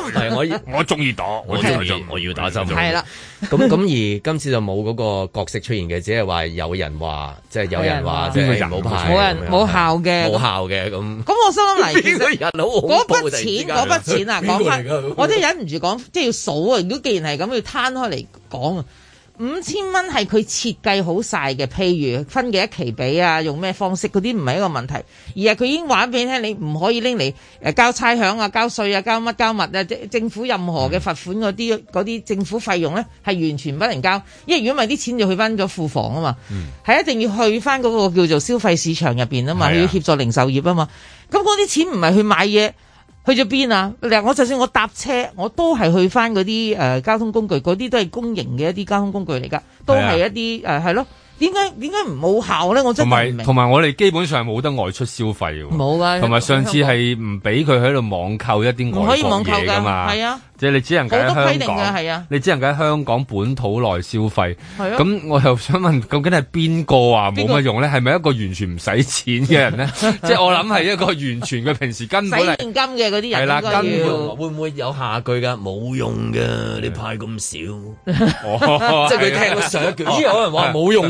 B: 我我 我。我要打針。我我中意打，我中意，我要打針。係啦。咁 咁而今次就冇嗰個角色出現嘅，只係話有人話，即係有人話即係冇派，冇冇效嘅，冇效嘅咁。咁我心諗嚟，其實嗰筆錢嗰筆錢啊，講翻，我都忍
C: 唔住講即係要數啊！如果既然係咁，要攤開嚟講啊，五千蚊係佢設計好晒嘅。譬如分幾多期俾啊，用咩方式嗰啲唔係一個問題。而係佢已經話俾你聽，你唔可以拎嚟交差餉啊、交稅啊、交乜交物啊，政府任何嘅罰款嗰啲嗰啲政府費用咧係完全不能交，因為如果唔係啲錢就去翻咗庫房啊嘛。係、嗯、一定要去翻嗰個叫做消費市場入邊啊嘛、嗯，要協助零售業啊嘛。咁嗰啲錢唔係去買嘢。去咗邊啊？嗱，我就算我搭車，我都係去返嗰啲誒交通工具，嗰啲都係公營嘅一啲交通工具嚟㗎，都係一啲誒係咯。點解點解唔冇
A: 效咧？我真係唔係同埋同埋，我哋基本上冇得外出消費喎。冇噶，啊，同埋上次係唔俾佢喺度網購一啲我可以網購㗎嘛。係啊。即係你只能喺香港，你只能喺香港本土內消費。咁我又想問，究竟係邊個話冇乜用咧？係咪一個完全唔使錢嘅人咧？即係我諗係一個完全嘅平時根本使現
C: 金嘅嗰啲人。係啦，跟用
A: 會唔會有下句噶？冇用嘅，你派咁
B: 少，即係佢聽到上一句，咦，可能話冇用，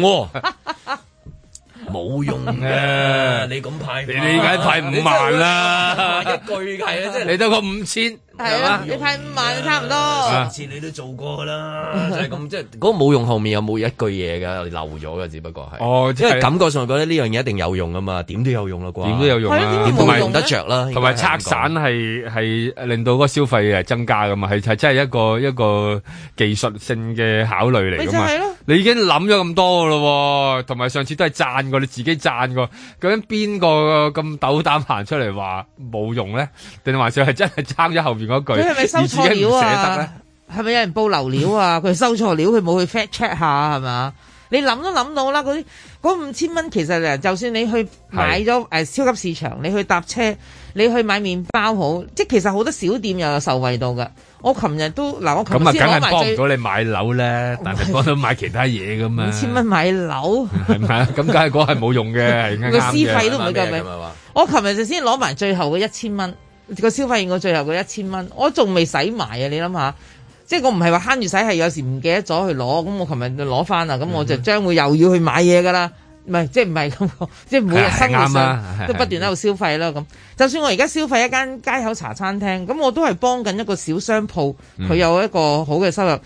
A: 冇用嘅。你咁派，你點解派五萬啦？一句係啊，即係你得個五千。
C: 係啦，你睇五萬，都差唔多。啊、上
A: 次
B: 你都做
C: 過噶啦，咁， 即係
B: 嗰個冇用，後面有冇一句嘢噶？漏咗噶，只不過係。哦，即、就、係、是、感
A: 覺上覺得呢樣嘢一定有用噶嘛，點都有用啦啩，點都有用啦，點都用得着啦。同埋拆散係係令到個消費增加噶嘛，係係真係一個一個技術性嘅考慮嚟噶嘛。你已經諗咗咁多噶喎，同埋上次都係讚過你自己讚過，究竟邊個咁斗膽行出嚟話冇用咧？定還是係真係爭咗後面？佢係咪收錯料啊？
C: 係咪有人報流料，料啊？佢 收錯料，佢冇去 fact check 下係嘛？你諗都諗到啦，嗰啲嗰五千蚊其實就算你去買咗誒、啊、超級市場，你去搭車，你去買麵包好，即係其實好多小店又有受惠到噶。我琴日都嗱，我琴日，梗係幫唔到
A: 你買樓呢，但係幫到買其他嘢噶嘛。五千
C: 蚊買樓係
A: 咪？咁梗係嗰係冇用嘅。嗰個私費都唔會夠嘅。
C: 我琴日就先攞埋最後嘅一千蚊。 個消費完個最後個一千蚊，我仲未使埋啊！你諗下，即係我唔係話慳住使，係有時唔記得咗去攞，咁我琴日就攞翻啦，咁我就將會又要去買嘢噶啦，唔係即係唔係咁，即係每日生活上都不斷喺度消費啦。咁就算我而家消費一間街口茶餐廳，咁我都係幫緊一個小商鋪，佢、嗯、有一個好嘅收入。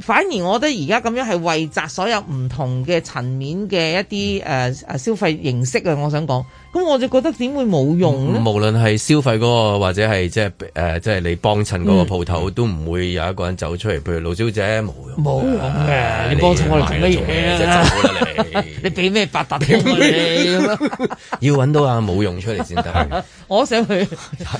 C: 反而我覺得而家咁樣係惠及所有唔同嘅層面嘅一啲誒、嗯啊、消費形式啊！我想講。咁我就覺得點會冇用無
B: 無論係消費嗰、嗰個，或者係即係即係你幫襯嗰個鋪頭、嗯，都唔會有一個人走出嚟。譬如老小姐冇
C: 用、啊，冇嘅、啊、你幫襯我哋、啊、做咩嘢、啊啊、 你俾咩八達通、啊？
B: 要搵到啊冇用出嚟先得。
C: 我想去，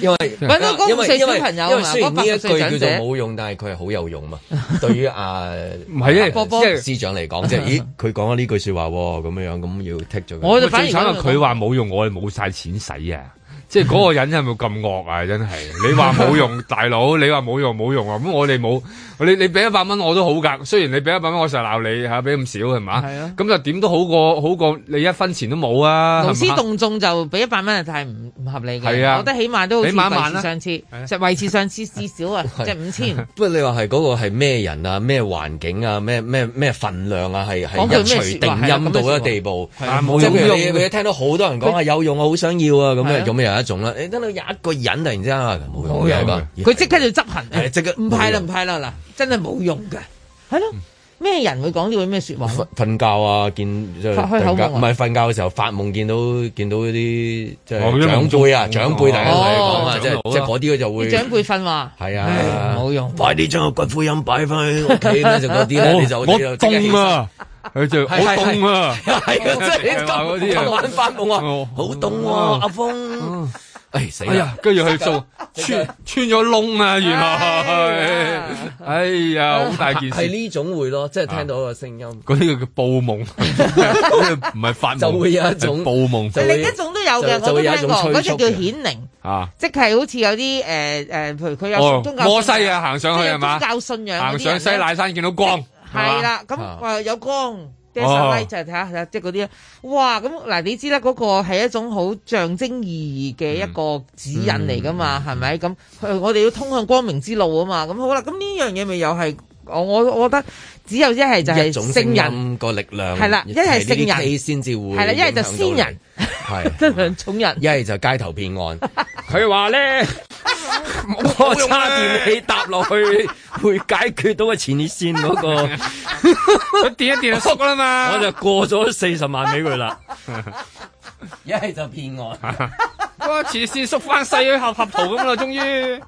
C: 因為搵到嗰五歲小朋友啊嘛。呢一句叫做冇
B: 用，但係佢係好有用嘛。對
A: 於啊，唔 係啊，司、啊、長嚟講，即 係咦，佢講咗呢句說話喎，咁樣樣咁要剔咗。我反而最慘係佢話冇用，用我。冇晒錢使啊！即係嗰個人係冇咁惡啊？真 係你話冇用，大佬你話冇用冇用啊！咁我哋冇。你你俾一百蚊我都好噶，雖然你俾一百蚊我成日鬧你吓，俾咁少係嘛？係啊。咁、啊、就點都好過好過你一分錢都冇啊。勞師動
C: 眾就俾一百蚊就係唔唔合理嘅。係啊，我覺得起碼都好，維持上次，即係維持上次至、啊、少啊，即係五千。
B: 不過你話係嗰個係咩人啊？咩環境啊？咩咩咩份量啊？係係 一錘定音到一個地步。 啊，冇、啊、用嘅、就是，聽到好多人講啊，有用啊，好想要啊，咁咁、啊、有一種啦。你、哎、聽到有一個人突然之間吓冇用係嘛？佢即、啊啊、刻就執行誒，即、哎、刻唔派啦唔派啦嗱。真係冇用嘅
C: 係咯？咩人會講呢個咩說話？瞓
B: 瞓覺啊，見即係唔係瞓覺嘅時候發夢見到見到啲即係長輩、哦哦就是、啊，長輩大家嚟講啊，即係即係嗰啲佢就會。長
C: 輩瞓話係啊，冇
B: 用。快啲將個骨灰音擺翻去屋企，就嗰啲咧，你就好凍啊，
A: 佢就好凍啊，係 啊，即係今晚發夢好凍阿峰。哎死啊！跟住去做穿 穿咗窿啊，原來，哎呀，好、哎哎、大件事。係呢
B: 種會咯，即係聽到個聲音。
A: 嗰、啊、啲、那個、叫報夢，唔 係發夢，就會有一種報夢，另一種都有嘅。我都聽過，嗰隻叫顯靈，
C: 即係好似有啲誒誒，譬如佢有宗教、哦，摩西啊，行上去係嘛，宗教信仰，行上西乃山見到光，
A: 係啦，咁誒、
C: 啊呃、有光。即手睇就睇、是、下，即嗰啲哇咁嗱，你知啦，嗰、嗰個係一種好象徵意義嘅一個指引嚟㗎嘛，係咪咁？我哋要通向光明之路啊嘛，咁好啦。咁呢樣嘢咪又係我我覺得只有一係就係聖人
B: 個力量，係啦，一係聖人先至會係啦，一係就仙人，
A: 係
C: 兩種人，
B: 一係就街頭騙案。
A: 佢話咧。我、哦、差電器搭落去， 會解決到個前列腺嗰個，我 掂 一掂就縮啦嘛。 我就過咗四十萬俾佢啦，一 係就騙我。個前列腺縮翻細去合合圖咁啦，終於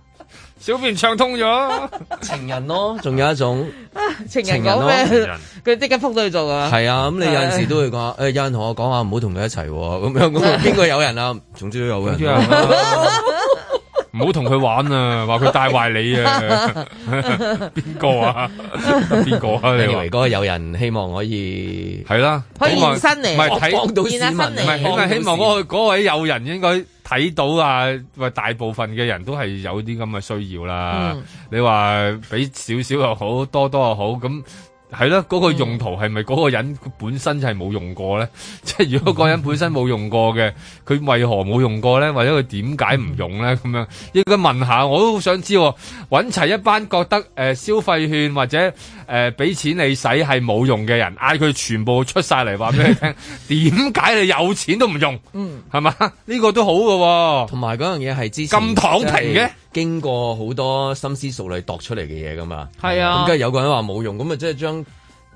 A: 小便暢通咗。 情人咯，仲有一種、啊、情人咩？佢即刻復咗去做啊。係啊，咁你有陣時都
B: 會話，誒，有人同我講話唔好同佢一齊，咁樣咁，邊個、啊、有人啊？總之都有人、啊。
A: 唔好同佢玩啊！話佢帶壞你啊！邊 個 啊？邊個啊？你以為嗰個友人希望可以係啦，去延伸嚟，唔係睇到市民，唔係希望嗰位友人應該睇到啊！話大部分嘅人都係有啲咁嘅需要啦。嗯、你話俾少少又好多多又好咁。係囉，嗰、那個用途係咪嗰個人本身就係冇用過咧？即係如果嗰個人本身冇用過嘅，佢為何冇用過咧？或者佢點解唔用咧？咁樣應該問下，我都好想知。揾齊一班覺得誒消費券或者誒俾、呃、錢你使係冇用嘅人，嗌佢全部出晒嚟話俾你聽，點 解你有錢都唔用？嗯，係嘛？呢、這個都好喎、啊。同埋嗰樣嘢係之前咁
B: 躺平嘅，經過好多心思熟慮度出嚟嘅嘢噶嘛。係啊，點解有個人話
A: 冇用？咁啊，即係將。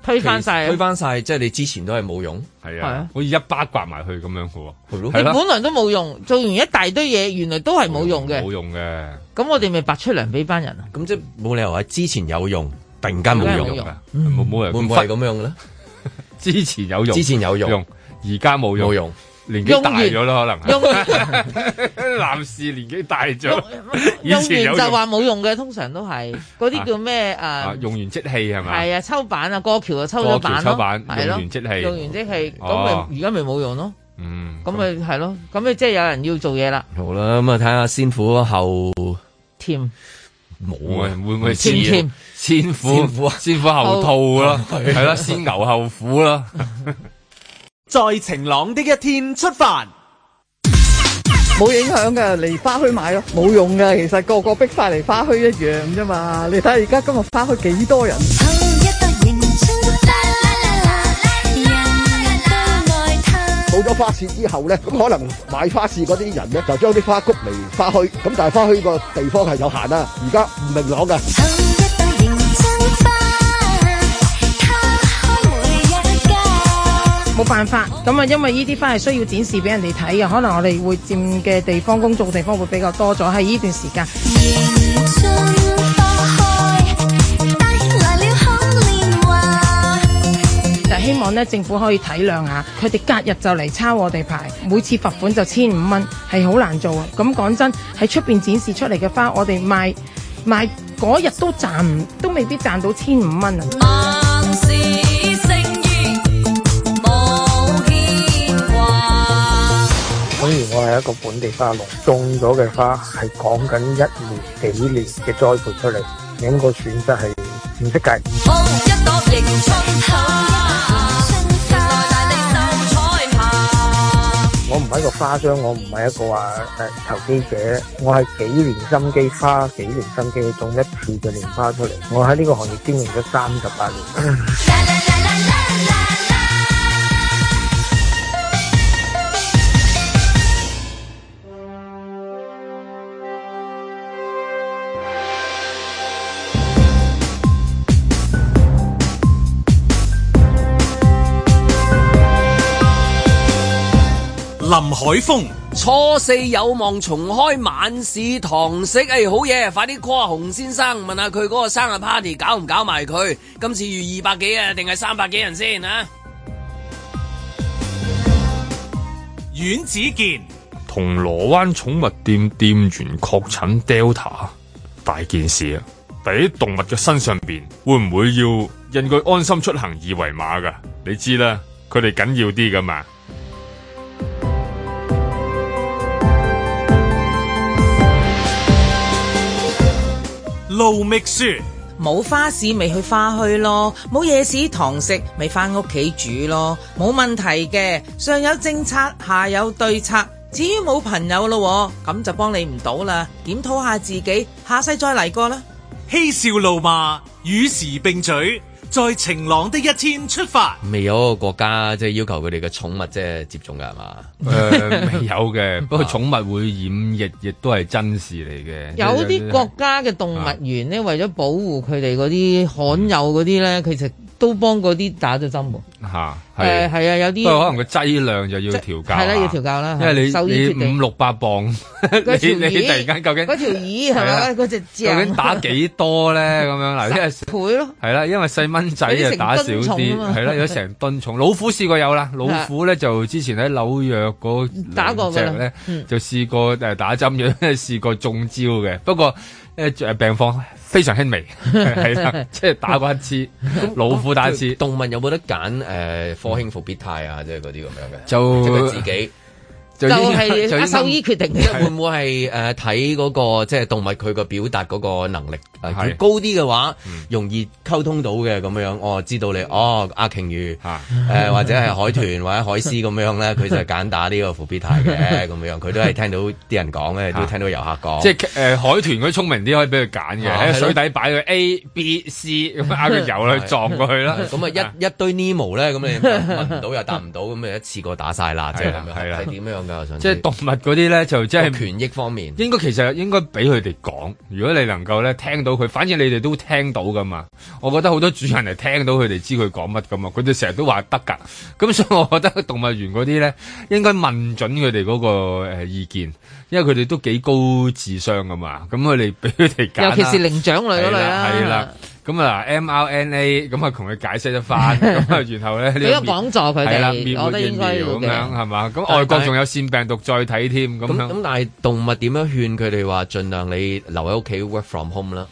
A: 推翻晒，推翻晒，即係你之前都係冇用，係啊，啊，好似一巴刮埋去咁樣嘅喎、啊，你本
C: 來都冇用， 做完一大堆嘢，原來都係冇用嘅，冇用嘅、哦、冇用嘅，咁我哋咪白出糧俾班人啊，咁即係
B: 冇理由話之前有用，突然間冇用
A: 噶、嗯，會唔會係咁樣嘅咧？ 之前有用，之前有用，而家冇用，冇用。年紀大咗啦，可能。用男士年紀大咗，用完，以前用用完就話
C: 冇用嘅，通常都係嗰啲叫咩啊，啊，啊，用器啊？
A: 用完即棄係咪？
C: 係啊，抽板啊，過橋啊，抽咗板，抽板，用完即棄，用完即棄，咁咪而家咪冇用咯。嗯，咁咪係咯，咁咪即係有人要做嘢啦。
B: 好啦，咁啊睇下先苦後
C: 甜。
B: 冇啊，會唔會 team team 先甜先苦先苦
A: 後吐咯，係啦、啊啊，先牛後苦啦。
C: 在晴
A: 朗的一天出發，
E: 冇影響嘅，嚟花墟買咯，冇用嘅，其實個個逼曬嚟花墟一樣啫嘛。你睇下而家今日花墟幾多人？
B: 冇咗花市之後呢，咁可能買花市嗰啲人呢，就將啲花谷嚟花墟，咁但
A: 係花墟個地方係有限啦，而家唔明朗嘅。冇
C: 辦法，咁啊，因為呢啲花係需要展示俾人哋睇嘅，可能我哋會佔嘅地方工作嘅地方會比較多咗，喺呢段時間。但 希望咧，政府可以體諒下，佢哋隔日就嚟抄我哋牌，每次罰款就千五蚊，係好難做啊！咁講真，喺出邊展示出嚟嘅花，我哋賣賣嗰日都賺，都未必賺到千五蚊啊！
A: 當然我係一個本地花農，種咗嘅花係講緊一年幾年嘅栽培出嚟，咁、這個選擇係唔識計。我唔係一個花商，我唔係一個話誒投機者，我係幾年心機花幾年心機種一次嘅蓮花出嚟，我喺呢個行業經營咗三十八年。 林海峰，
B: 初四有望重開晚市堂食，哎，好嘢！快啲 call 洪先生，問下佢嗰個生日 party 搞唔搞埋佢？今次預二百幾啊，定係三百幾人先啊？
A: 阮子健，銅鑼灣寵物店店員確診 Delta，大件事啊！喺動物嘅身上邊，會唔會要印佢安心出行二維碼噶？你知啦，佢哋緊要啲噶嘛？盧覓雪，
C: 冇花市咪去花墟咯，冇夜市堂食咪返屋企煮咯，冇問題嘅。上有政策下有對策，至於冇朋友咯，咁就幫你唔到啦。檢討下自己，下世再嚟過啦。
A: 嬉笑怒罵與時並舉。在晴朗的一天出發，未、就
B: 是 呃，未有個國家即係要求佢哋嘅寵物即係
A: 接種噶係嘛？誒，未有嘅，不過寵物會染疫， 亦都係真事嚟嘅。有啲國
C: 家嘅動物園呢， 為咗保護佢哋嗰啲罕有嗰啲咧，其實。都幫嗰啲打咗針喎、
A: 啊，嚇、啊、係、呃、啊，有啲不過可能個劑量就要調教，係啦、啊、要調教啦，因為你你五六百磅， 你你突然間究竟嗰條魚係咪
C: 嗰隻究竟打幾
A: 多咧？咁 樣嗱，即係倍咯，係啦，因為細 小蚊仔 就打少啲，係啦、 啊，有成噸重， 老虎試過有啦，老虎咧就之前喺紐約嗰隻咧就試過誒打針藥咧試過中招嘅，不過。誒誒病況非常輕微， 係、就、啦、是，即係打過一次老虎打一次， 動物有冇得揀？誒、呃、科興復必泰啊，
B: 即係嗰啲咁樣嘅，就、就是、自己。就係獸醫決定嘅。會唔會係誒睇嗰個即係動物佢個表達嗰個能力係、呃、高啲嘅話、嗯，容易溝通到嘅咁樣。我、哦、知道你哦，阿鯨魚誒、啊啊呃、或者係海豚 或者海獅咁樣咧，
A: 佢就係揀打呢個伏必泰嘅咁樣。佢都係聽到啲人講嘅都聽到遊客講。即係、呃、海豚佢聰明啲，可以俾佢揀嘅喺水底擺個 A、啊、B C,、C 咁嗌佢油，去撞過去啦。咁啊一
B: 一堆呢毛咧咁你問唔到又答唔
A: 到，到，咁咪一次過打晒啦，即係
B: 咁樣啦。即係、就是、
A: 動物嗰啲咧，就即係權益方面，應該其實應該俾佢哋講。如果你能夠咧聽到佢，反正你哋都聽到噶嘛。我覺得好多主人係聽到佢哋知佢講乜噶嘛。佢哋成日都話得噶，咁所以我覺得動物園嗰啲咧應該問準佢哋嗰個誒、呃、意見，因為佢哋都幾高智商噶嘛。咁佢哋俾佢哋尤其是靈長類啦、啊。咁啊，mRNA 咁啊，同佢解釋咗翻，咁啊，然後咧你都講咗佢哋，面面苗咁樣係嘛？咁外國仲有腺病毒載體添，咁咁但係動物點樣勸佢哋話盡量你留喺屋企 work from home 啦？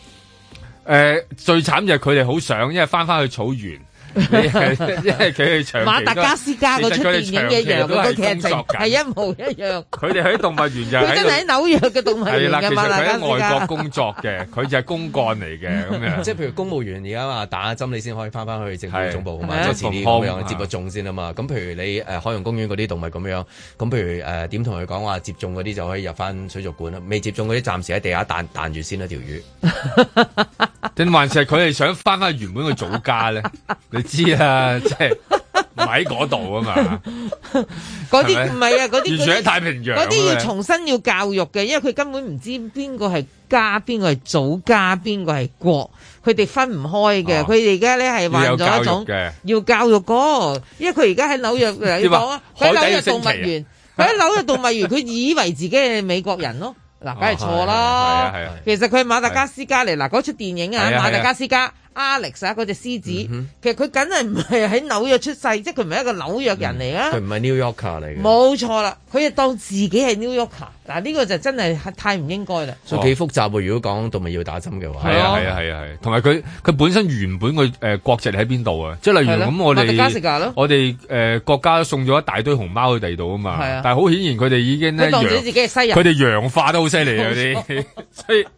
A: 誒，最慘就係佢哋好想，因為翻翻去草原。因為佢馬達加斯加嗰出電影一樣個劇係一模一
C: 樣，
A: 佢哋喺動物園就在 佢真係喺
C: 紐約嘅動物園嘅馬達加斯加，
A: 佢喺外國工作嘅，佢 就係公幹嚟嘅咁樣。即係譬如公務員而家話打針
B: 你先可以翻翻去政府總部啊 嘛，就同樣接個種先啊嘛。咁譬如你誒、呃、海洋公園嗰啲動物咁樣，咁譬如誒點同佢講話接種嗰啲就可以入翻水族館啦。未接種嗰啲暫時
A: 喺地下彈彈住先一、啊、條、這個、魚。定 還是係佢哋想翻翻原本嘅祖家咧？知啊，即係唔喺嗰度啊嘛，嗰啲唔係啊，嗰啲完全喺太平洋，嗰啲要重
C: 新要教育嘅，因為佢根本唔知邊個係家，邊個係祖家，邊個係國，佢哋分唔開嘅。佢哋而家咧係患咗一種要教，要教育嗰。因為佢而家喺紐約嚟講啊，喺 紐約動物園，喺紐約動物園，佢 以為自己係美國人咯，嗱，梗係錯啦，是是是是是其實佢係馬達加斯加嚟，嗱，嗰出電影啊，是是馬達加斯加。Alex 啊，嗰隻獅子，嗯、其實佢梗係唔係喺紐約出世，即係佢唔係一個紐約人嚟啊。佢
B: 唔係 New Yorker 嚟嘅。
C: 冇錯啦，佢就當自己係 New Yorker，嗱，呢個就真係太唔應該啦。哦、所
B: 以幾複
A: 雜喎，啊，如果講動物要打針嘅話。係啊係啊係啊係。同埋佢佢本身原本佢誒、呃、國籍喺邊度啊？即係例如咁，我哋我哋誒國家送咗一大堆熊貓去第二度啊嘛。啊但係好顯然佢哋已經咧，佢當咗自己係西人。佢哋洋化得好犀利嗰啲，所 以。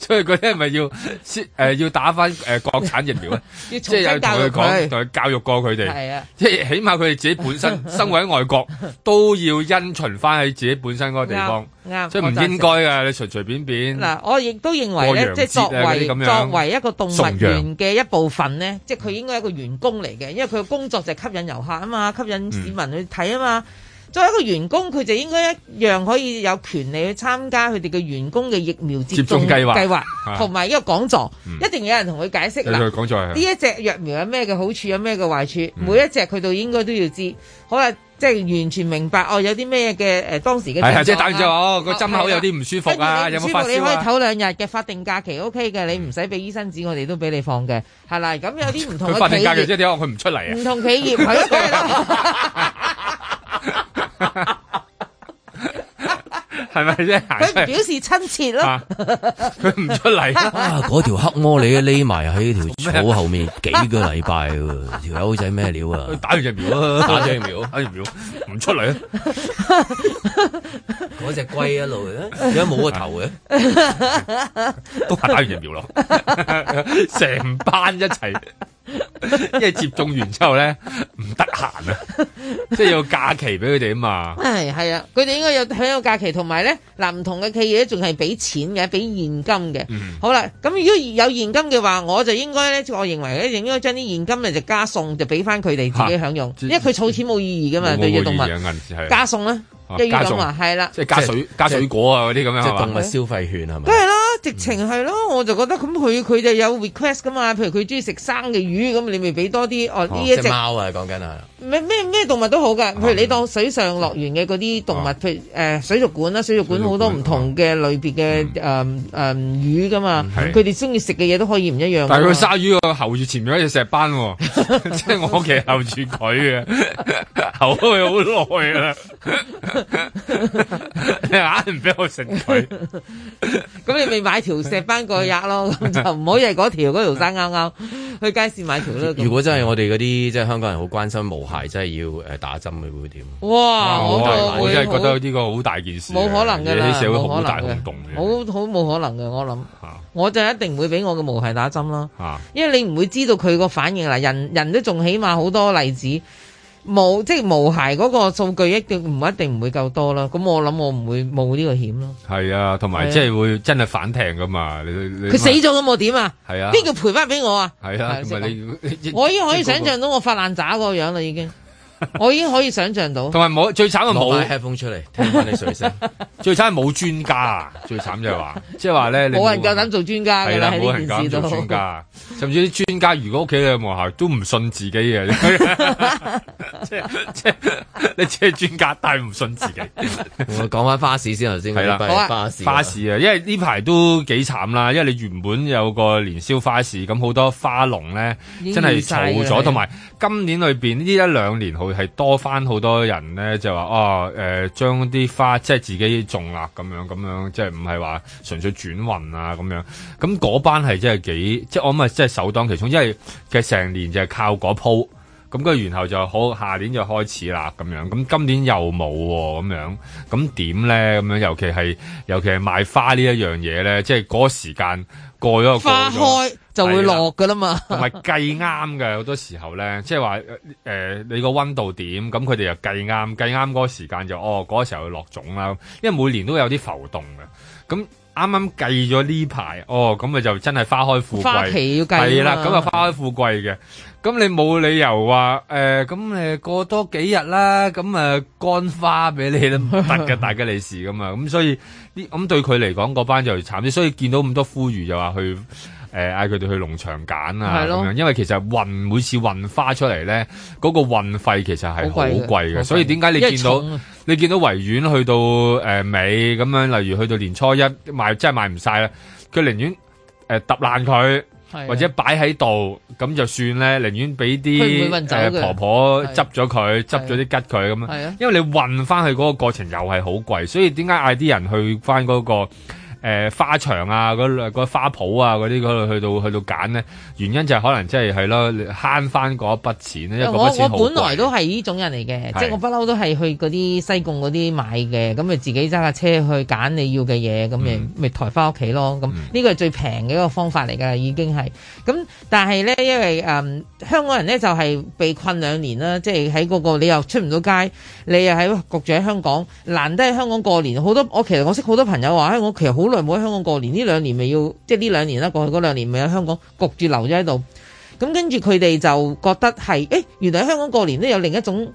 A: 所以嗰啲係咪要先誒要打翻誒國產疫苗咧？
D: 即係有同佢講，同佢
A: 教育過佢哋。係啊，即係起碼佢哋自己本身生活喺外國，都要因循翻喺自己本身嗰個地方。啱，即係唔應該噶，你隨隨便便。嗱，
C: 我亦都認為咧，即係作為作為一個動物園嘅一部分咧，即係佢應該係一個員工嚟嘅，因為佢嘅工作就係吸引遊客啊嘛，吸引市民去睇啊嘛。作為一個員工，佢就應該一樣可以有權利去參加佢哋嘅員工嘅疫苗接種計劃，同埋一個講座，嗯、一定要有人同佢解釋呢一隻疫苗有咩嘅好處，有咩嘅壞處，嗯、每一隻佢都應該都要知。好啊，即、就、係、是、完全明白哦。有啲咩嘅誒當時嘅情況？即係打完之後，個針口有啲唔
A: 舒服啊，哦、舒服有冇發燒、啊、你可以唞
C: 兩日嘅法定假期 OK 嘅，你唔使俾醫生紙，我哋都俾你放嘅，係啦。咁有啲唔同嘅法定假期即係
A: 點啊？佢唔出嚟啊？唔同企業係 係咪啫？佢表
C: 示親切啦，佢唔出嚟啊！嗰
B: 條、啊啊 啊、黑魔你匿埋喺條草後面幾個禮拜、啊，條友仔咩料啊？打完隻
A: 苗啊！打完隻苗，打完苗唔 出嚟啊！嗰 隻 龜一路而家冇個頭嘅、啊 啊，都打完隻苗咯，成 班一齊。 因為接種完之後咧唔得閒啊，即係有假期俾佢哋啊嘛。係
C: 係啊，佢哋應該有享有假期，呢啊、同埋咧嗱唔同嘅企業仲係俾錢嘅，俾現金嘅、嗯。好啦，咁如果有現金嘅話，我就應該咧，我認為咧，應該將啲現金咧就加送，就俾翻佢哋自己享用。因為佢儲錢冇意義噶嘛，沒沒沒對啲動物、
A: 啊、加送
C: 啦。加餸係啦，即係、即係、加水加水
A: 果啊嗰啲咁樣，即、就、係、是即係即係、動物消費
B: 券係咪？
C: 梗係啦，嗯、直情係咯，我就覺得咁佢佢就有 request 噶嘛，譬如佢中意食生嘅魚，咁你咪俾多啲哦呢、哦、一隻貓啊，講緊啊，唔係咩咩動物都好噶，譬如你當水上樂園嘅嗰啲動物，譬、啊、如誒水族館啦，水族館好多唔同嘅類別嘅誒誒魚噶嘛，佢哋中意食嘅嘢都可以唔一樣。但係佢鯊
A: 魚個喉住前面一隻石斑，即係我屋企喉住佢，喉好耐啊。
D: 你硬唔俾我食佢，
C: 咁 你咪買條石斑過去壓咯，就唔好係嗰條嗰條山啱啱去街市買條咯。如果
B: 真係我哋嗰啲即係香港人好關心毛孩，真係要誒打針嘅會點？
C: 哇！我，我，我，我真係覺得呢個好大件事，冇可能嘅。啦，社會好大空洞好好冇可能嘅。我諗，我就一定會俾我嘅毛孩打針啦，因為你唔會知道佢個反應啦。人人都仲起碼好多例子。冇，即係無鞋嗰個數據一定唔一定唔會夠多啦，咁我諗我唔會冒呢個險咯。
A: 係啊，同埋即係會真係反艇噶嘛？你佢死咗咁我
C: 點啊？係啊，邊個賠翻俾我啊？係啊，同埋、啊、你，你，你，你
A: 我已經可以想象到
C: 我發爛渣個樣啦，已經 我已經可以想象到。同埋
A: 冇最慘係冇。出嚟聽翻你水聲，最慘係冇專家， 慘、就是、專家啊！最慘就係話，即係話咧冇人夠
C: 膽做專家，係啦，冇人夠膽做專家。
A: 甚至啲專家如果屋企有無鞋都唔信自己嘅。 即係即係，你即係專家，但係 唔信自己。我講翻花市先，頭先，係啦，好啊，花市啊，因為呢排都幾慘啦。因為你原本有個年宵花市，咁好多花農咧，真係嘈咗。同埋今年裏邊呢一兩年，佢係多翻好多人咧，就話啊，誒、哦，將、呃、啲花即係自己種啦，咁樣咁樣，即係唔係話純粹轉運啊咁樣。咁、那、嗰、個、班係真係幾，即係我諗係真係首當其衝，因為佢成年就係靠嗰鋪。咁跟住，然後就好，下年就開始啦，咁樣。咁今年又冇喎、哦，咁樣。咁點咧？咁樣，尤其係，尤其係賣花呢一樣嘢咧，即係嗰個時間過咗個花開就會落
C: 噶啦嘛。同埋
A: 計啱嘅好多時候咧，即係話誒你個温度點，咁佢哋就計啱計啱嗰個時間就哦嗰時候落種啦。因為每年都有啲浮動嘅。咁啱啱計咗呢排哦，咁佢就真係花開富貴。花期要計啦，咁啊就花開富貴嘅。咁你冇理由話誒咁誒過多幾日啦，咁誒乾花俾你都唔得嘅，大吉利是噶嘛，咁 所以呢，咁對佢嚟講嗰班就慘啲，所以見到咁多呼籲就話去誒嗌佢哋去農場揀啊，咁樣，因為其實運每次運花出嚟咧，嗰、那個運費其實係好貴嘅，所以點解你見到、啊、你見到維園去到誒、呃、尾咁樣，例如去到年初一賣真係賣唔晒啦，佢寧願誒揼爛佢。呃或者擺喺度咁就算咧，寧願俾啲、呃、婆婆執咗佢，執咗啲吉佢咁啊。因為你運翻去嗰個過程又係好貴，所以點解嗌啲人去翻、那、嗰個，誒、呃、花場啊，嗰、那個嗰、那個、花圃啊，嗰啲嗰度去到去到揀呢，原因就係可能即係係咯，慳翻嗰一筆錢咧，因為一筆錢好貴。我本來
C: 都係呢種人嚟嘅，即係我不嬲都係去嗰啲西貢嗰啲買嘅，咁咪自己揸架車去揀你要嘅嘢，咁咪咪抬翻屋企咯。咁、嗯、呢個係最平嘅一個方法嚟㗎，已經係。咁但係呢，因為誒、嗯、香港人呢，就係、是、被困兩年啦，即係喺嗰個你又出唔到街，你又喺焗住喺香港，難得喺香港過年，好多我其實我識好多朋友話，香港其實好。都係冇喺香港過年，呢兩年咪要，即係呢兩年啦。過去嗰兩年咪喺香港焗住留咗喺度，咁跟住佢哋就覺得係，誒,原來喺香港過年都有另一種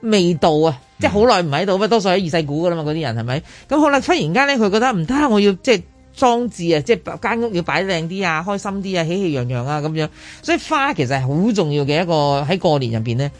C: 味道啊、嗯！即係好耐唔喺度，不過多數喺二世祖噶啦嘛,嗰啲人係咪？咁好啦，然後忽然間咧，佢覺得唔得，我要即係裝置啊，即係間屋要擺靚啲啊，開心啲啊，喜氣洋洋啊咁樣。所以花其實係好重要嘅一個喺過年入邊咧。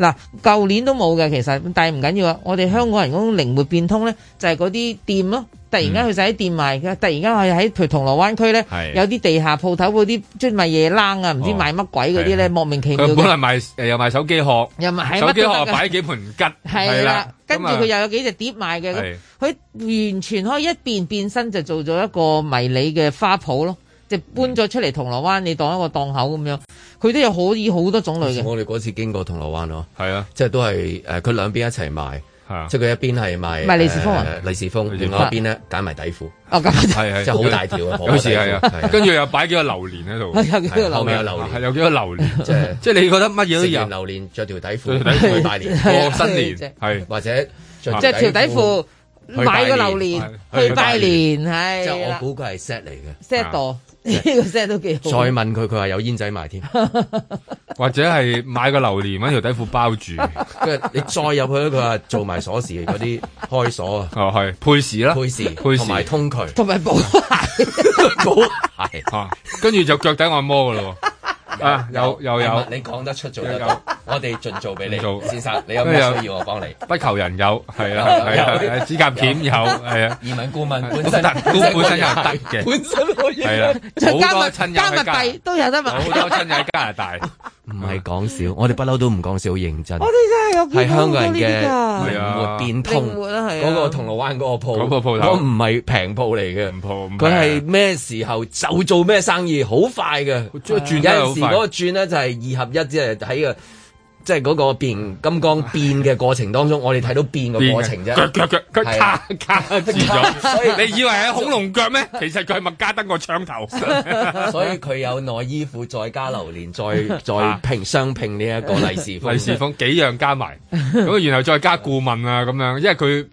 C: 嗱，舊年都冇嘅其實，但係唔緊要啊！我哋香港人嗰種靈活變通咧，就係嗰啲店咯，突然間佢就喺店賣嘅、嗯，突然間佢喺佢銅鑼灣區咧，有啲地下鋪頭嗰啲即賣夜冷啊，唔知賣乜鬼嗰啲咧，莫名其妙。佢本來
A: 賣又賣手機殼，又賣手機殼擺幾盆桔，係啦，跟住佢又
C: 有幾隻碟賣嘅，佢完全可以一變變身就做咗一個迷你嘅花圃咯。即係搬咗出嚟銅鑼灣，你當一個檔口咁樣，佢都有可以好多種類嘅。
B: 我哋嗰次經過銅鑼灣咯，係啊，即係都係誒，佢、呃、兩邊一齊賣，啊、即係佢一邊係賣是、啊呃、利是風，利是風、啊、另外一邊咧揀埋底褲。哦，係係，即好大條，有、有時係啊，
A: 跟住又擺幾個榴蓮喺度，有幾個榴蓮，有幾個榴蓮、啊啊啊，即係即係你覺得乜嘢都人榴蓮，着條底褲，過新年，或
B: 者即係條底褲買個榴蓮去拜年，
C: 係即我估佢係 set 嚟嘅 set 度。呢個聲都幾好，再
A: 問佢，佢話有煙仔賣添， 或者係買個榴蓮，揾條底褲包住。跟住 你再入去佢話做埋鎖匙嗰啲開鎖啊。哦，係配匙啦，配匙配匙同埋通渠，同埋補鞋補鞋。跟住就腳底按摩噶咯。有啊！有又有,有，你講得出做得到，有我哋盡做俾你做。先生，你有咩需要我幫你？ 不求人有，係啊，係啊，指甲鉗有，係啊。移民顧問本身，官本身又得嘅，本身可以係 啦。好多親友加拿大都有得問，好多親友加拿大。
B: 唔係講笑， 我哋不嬲都唔講笑，好認真。我哋
A: 真係有變通係香港人嘅
B: 唔啊，變通，嗰、啊嗰個銅鑼灣嗰個鋪，嗰、嗰個鋪頭，我唔係平鋪嚟嘅。平佢係咩時候就做咩生意，好快嘅。有時嗰個轉咧就係二合一即係喺嘅。即係嗰個變金剛變嘅過程當中，我哋睇到變嘅過程啫。腳
A: 腳腳，腳、啊、卡卡住咗，你以為係恐龍腳咩？其實佢係麥加登個槍頭，所以佢
B: 有內衣褲再加榴蓮，再再
A: 平雙拼呢一個利是封。利是封幾樣加埋，咁然後再加顧問啊咁樣，因為佢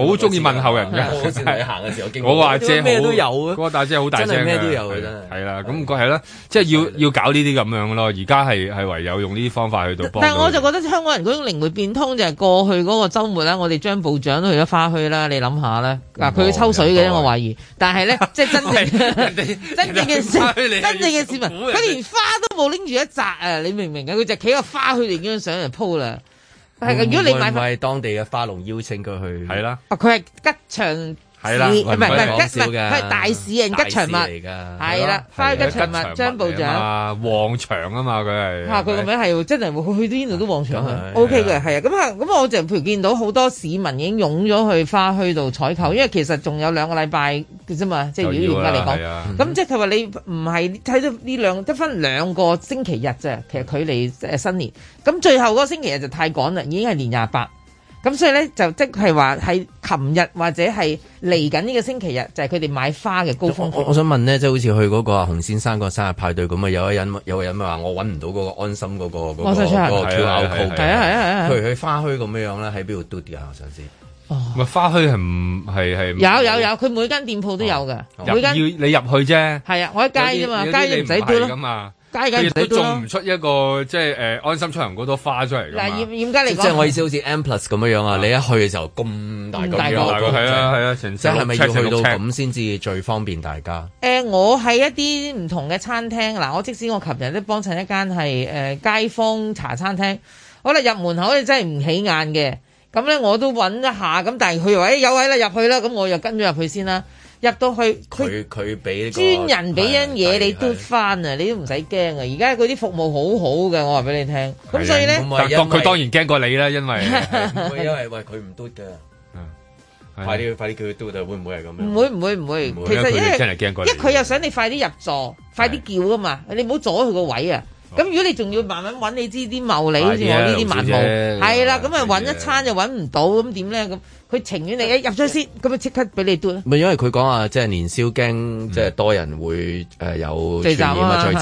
A: 好好中意問候人嘅。我話姐，咩都有啊！我話大姐好大聲咩都有嘅、啊，真係、啊。係啦、啊，咁唔該係啦，即係要要搞呢啲咁樣咯。而家係係唯有用呢啲方法去。但係我就
C: 覺得香港人嗰種靈活變通，就係過去嗰個周末咧，我哋張部長都去咗花墟啦，你諗下咧，嗱，佢去抽水嘅啫，我懷疑。但係咧，即係真正 真正嘅真正嘅市民，佢連花都冇拎住一扎啊！你明唔明啊？佢就企個花墟嚟，張相上嚟鋪啦。係 啊，如果你買，係
B: 當地嘅花龍邀請佢去，係啦。
C: 啊，佢係吉祥。係啦，唔係唔係吉，係大市人吉祥物嚟噶。係啦，花吉祥物，張部長
A: 啊旺祥啊嘛，佢係吓佢咁樣
C: 係真係，佢、啊、去到邊度都旺祥嘅，O K 嘅，係啊，咁、okay、啊，咁、yeah. 我就譬如見到好多市民已經湧咗去花墟度採購，因為其實仲有兩個禮拜嘅啫嘛，即係如果而家嚟講，咁即係佢話你唔係睇到呢兩得翻兩個星期日啫，其實距離新年，咁最後嗰個星期日就太趕啦，已經係年廿八。咁所以咧，就即係話係琴日或者係嚟緊呢個星期日就係佢哋買花嘅高峰我。我
B: 想問咧，即係好似去嗰個洪先生個生日派對咁啊，有個人有個人話，我揾唔到嗰個安心嗰、嗰個嗰個嗰個 QR code 係啊係啊係啊。譬如去花墟咁樣咧，喺邊
A: 度 do 啲啊？我想知。哦，咪花墟係唔係係？有
C: 有有，佢每間店鋪都有
A: 嘅。入要你入去啫。
C: 係啊，我喺街啫嘛，街你唔使 do
A: 家都種唔出一個即係誒安心出行嗰朵花出嚟。嗱，點
C: 解你講？即係我意思
A: 好似 M plus 咁樣
B: 樣啊，啊！你一去嘅時候咁大咁大個，係啊係啊，成七六係咪要去到咁先至最方便大家？
C: 誒、呃，我喺一啲唔同嘅餐廳嗱，我即使我琴日都幫襯一間係誒、呃、街坊茶餐廳。好啦，入門口咧真係唔起眼嘅，咁咧我都揾一下。咁但係佢話：，有位啦，入去啦。咁我又跟咗入去先啦。入到去
A: 佢佢俾專人
C: 俾啲嘢你嘟翻啊，你都唔使驚啊！而家嗰啲服務好好嘅，我話俾你聽。咁所以咧，佢
A: 當然驚過你啦，因為 會因為
B: 喂佢唔嘟㗎，快啲快啲叫佢嘟，就會唔會係咁樣？唔會唔會唔會，會，其實因為
C: 一佢又想你快啲入座，快啲叫噶嘛，你唔好阻佢個位啊！咁如果你仲要慢慢揾你知啲茂嚟，好似我呢啲慢帽，係啦，咁啊揾、啊、一餐又揾唔到，咁點咧咁？佢情願你一入咗先去，咁咪即刻俾你奪咯。
B: 唔係，因為佢講話即係年宵驚，即係多人會誒、呃、有聚集啊嘛，聚、啊、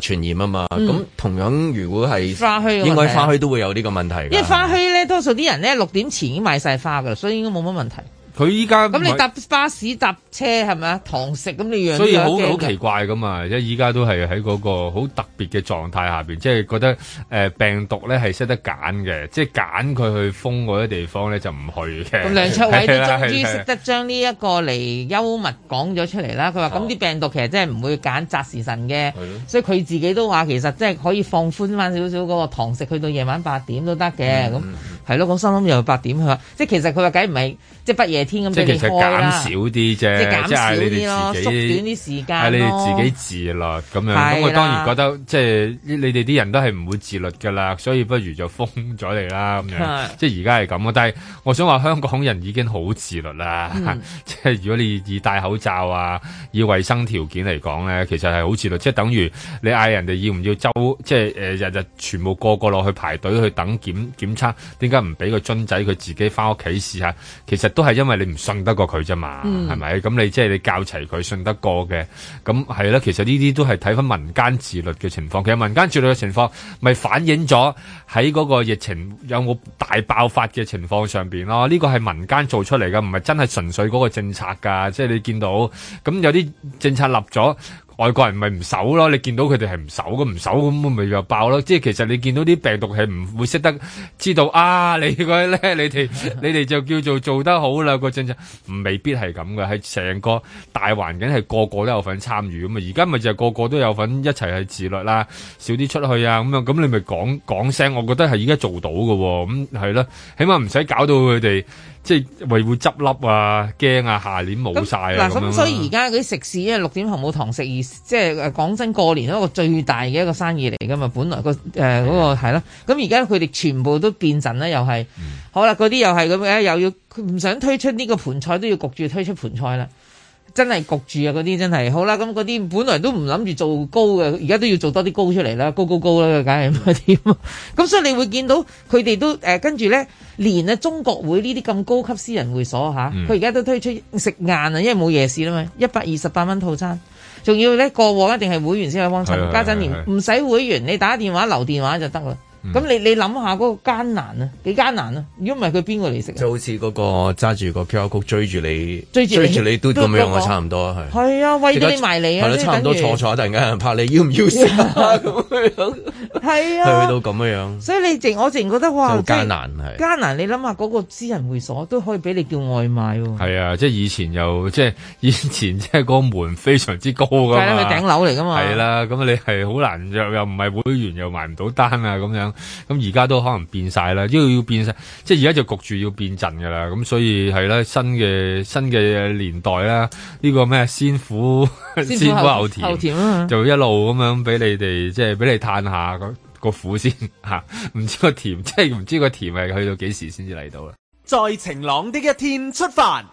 B: 傳染啊嘛。咁、嗯、同樣如果係花墟，應該花墟都會有呢個問題。因為花
C: 墟咧，多數啲人咧六點前已經買晒花噶啦，所以應該冇乜問題。
A: 佢依家咁你搭
C: 巴士搭車係咪啊？堂食咁你樣樣驚所以好好奇
A: 怪噶嘛！即係依家都係喺嗰個好特別嘅狀態下面，即係覺得誒、呃、病毒咧係識得揀嘅，即係揀佢去封嗰啲地方咧就唔去嘅。咁梁卓偉都終於識得
C: 將呢一個嚟幽默講咗出嚟啦。佢話：咁啲病毒其實真係唔會揀閘時辰嘅、哦，所以佢自己都話其實即係可以放寬翻少少嗰個堂食，去到夜晚八點都得嘅咁。嗯。係咯，我心諗又八點去。即係其實佢話梗唔係，即係不夜天咁。即係其實減少
A: 啲啫，即係減少啲咯，縮短啲時間你哋自己自律咁樣，咁我當然覺得即係你哋啲人都係唔會自律噶啦，所以不如就封咗你啦咁樣。即係而家係咁，但係我想話香港人已經好自律啦、嗯。即係如果你以戴口罩啊，以衛生條件嚟講咧，其實係好自律，即係等於你嗌人哋要唔要周，即係誒日日全部個個落去排隊去等檢檢測，而家唔俾個樽仔佢自己翻屋企試下，其實都係因為你唔信得過佢啫嘛，嗯，係咪？咁你即係你教齊佢信得過嘅，咁係啦。其實呢啲都係睇翻民間自律嘅情況。其實民間自律嘅情況，咪反映咗喺嗰個疫情有冇大爆發嘅情況上邊咯。呢個係民間做出嚟噶，唔係真係純粹嗰個政策噶。即係你見到咁有啲政策立咗。外國人咪唔守咯，你見到佢哋係唔守咁唔守咁，咪又爆咯。即係其實你見到啲病毒係唔會識得知道啊！你嗰啲咧，你哋你哋就叫做做得好啦。個政策唔未必係咁嘅，喺成個大環境係個個都有份參與咁啊。而家咪就個個都有份一齊去自律啦，少啲出去啊咁樣。咁你咪講講聲，我覺得係而家做到嘅喎。咁係咯，起碼唔使搞到佢哋。即係維護執笠啊，驚啊，下年冇晒啦。咁嗱，咁所以而
C: 家啲食肆，因為六點紅冇堂食，而即係講真，過年一個最大嘅一個生意嚟㗎嘛。本來、嗰個嗰、呃嗰個係啦，咁而家佢哋全部都變陣啦又係、嗯、好啦，嗰啲又係咁嘅，又要佢唔想推出呢個盤菜，都要焗住推出盤菜啦。真係焗住啊！嗰啲真係好啦，咁嗰啲本來都唔諗住做高嘅，而家都要做多啲高出嚟啦，高高高啦，梗係唔得點，咁所以你會見到佢哋都誒跟住呢連啊中國會呢啲咁高級私人會所嚇，佢而家都推出食晏啊，因為冇夜市啦嘛，一百二十八蚊套餐，仲要呢，過往一定係會員先可以幫襯，家陣連唔使會員，你打電話留電話就得啦。咁、嗯、你你諗下嗰個艱難啊，幾艱難啊！如果唔係佢邊個嚟
B: 食啊？就好似嗰個揸住個 QR code 追住你，追住追住你，追你都咁、那、樣、個，我差唔多係。係啊，喂你埋你啊，差唔多坐坐突然間拍你要唔要食啊
C: 係啊，去、啊啊、到咁樣。所以你我，我直覺得好
A: 艱難係艱、就是、
C: 難，難。你諗下嗰個私人會所都可以俾你叫外賣、
A: 啊，係啊，即係以前又即係以前即係個門非常之高噶嘛。係佢頂樓嚟噶嘛。係啦、啊，咁你係好難約，又唔係會員又埋唔到單啊咁樣。咁而家都可能變晒啦，要變要變晒，即係而家就焗住要變陣噶啦。咁所以係啦，新嘅新嘅年代啦，呢、呢個咩先苦先苦後，後甜，後甜啊、就一路咁樣俾你哋，即係俾你嘆下個苦先吓，唔知個甜，即係唔知個甜係去到幾時先至嚟到啦。在晴朗的一天出發。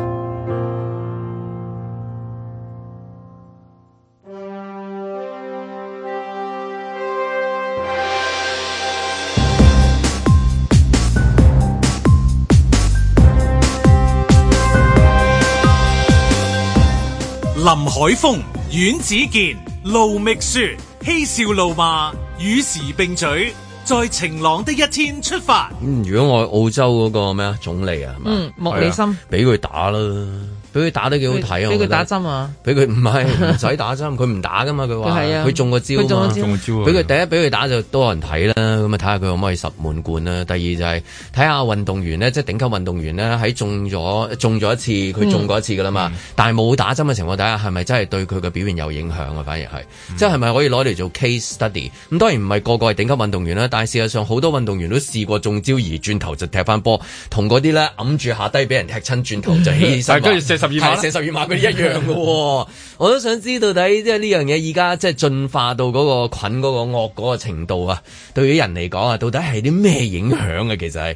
A: 林海峰、阮子健、盧覓雪，嬉笑怒罵，與時並舉，在晴朗的一天出發。
B: 嗯、如果我澳洲嗰個咩啊總理啊係嘛？
A: 嗯，莫里森，
B: 俾佢打啦。俾佢打得幾好睇。啊？俾佢打針啊？俾佢唔係唔使打針，佢唔打噶嘛？佢話佢中個招啊，中個招，俾佢第一，俾佢打就多人睇啦，咁啊睇下佢可唔可以十滿貫啦？第二就係睇下運動員呢，即係頂級運動員呢，喺中咗中咗一次，佢中過一次噶啦嘛，嗯、但係冇打針嘅情況底下，係咪真係對佢嘅表現有影響啊？反而係，即係係咪可以攞嚟做 case study？咁當然唔係個個係頂級運動員啦，但係事實上好多運動員都試過中招而轉頭就踢翻波，同嗰啲咧揞住下低俾人踢親，轉頭就起身。 十二碼四十二碼嗰啲一樣㗎喎、哦，我都想知到底即係呢樣嘢，而家即係進化到嗰個菌嗰個惡嗰個程度啊，對於人嚟講啊，到底係啲咩影響啊？其實係。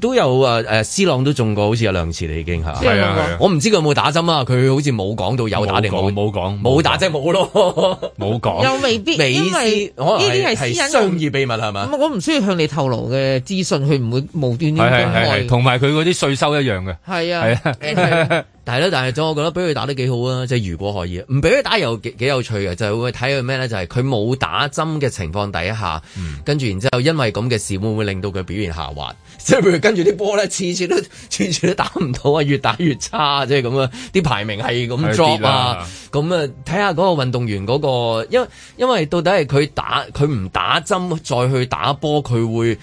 B: 都有啊！誒，斯朗都中過，好似有兩次啦，已經係。我唔知佢有冇打針啊？佢好似冇講到有打定冇，冇講冇打即係冇咯冇講。 又未必，因為呢啲
C: 係私人商
A: 業秘密，係嘛？
C: 我唔需要向你透露嘅資訊，佢唔會無端端講外。係，
A: 同埋佢嗰啲稅收一樣嘅。係啊，係
C: 但係咧，但係總我覺得俾佢打得幾好啊！即
B: 係如果可以，唔俾佢打又幾幾有趣嘅，就係會睇佢咩咧？就係佢冇打針嘅情況底下，跟、嗯、住然之後因為咁嘅事，會唔會令到佢表現下滑？即係如跟住啲波咧，次次都次次都打唔到啊！越打越差，即係咁啊！啲排名係咁落啊！咁啊，睇下嗰個運動員嗰個，因為因為到底係佢打佢唔打針再去打波，佢會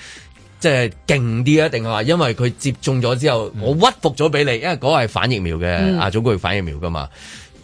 B: 即係勁啲啊？定係話因為佢接種咗之後，我屈服咗俾你，因為嗰係反疫苗嘅、嗯、啊，祖高域反疫苗㗎嘛。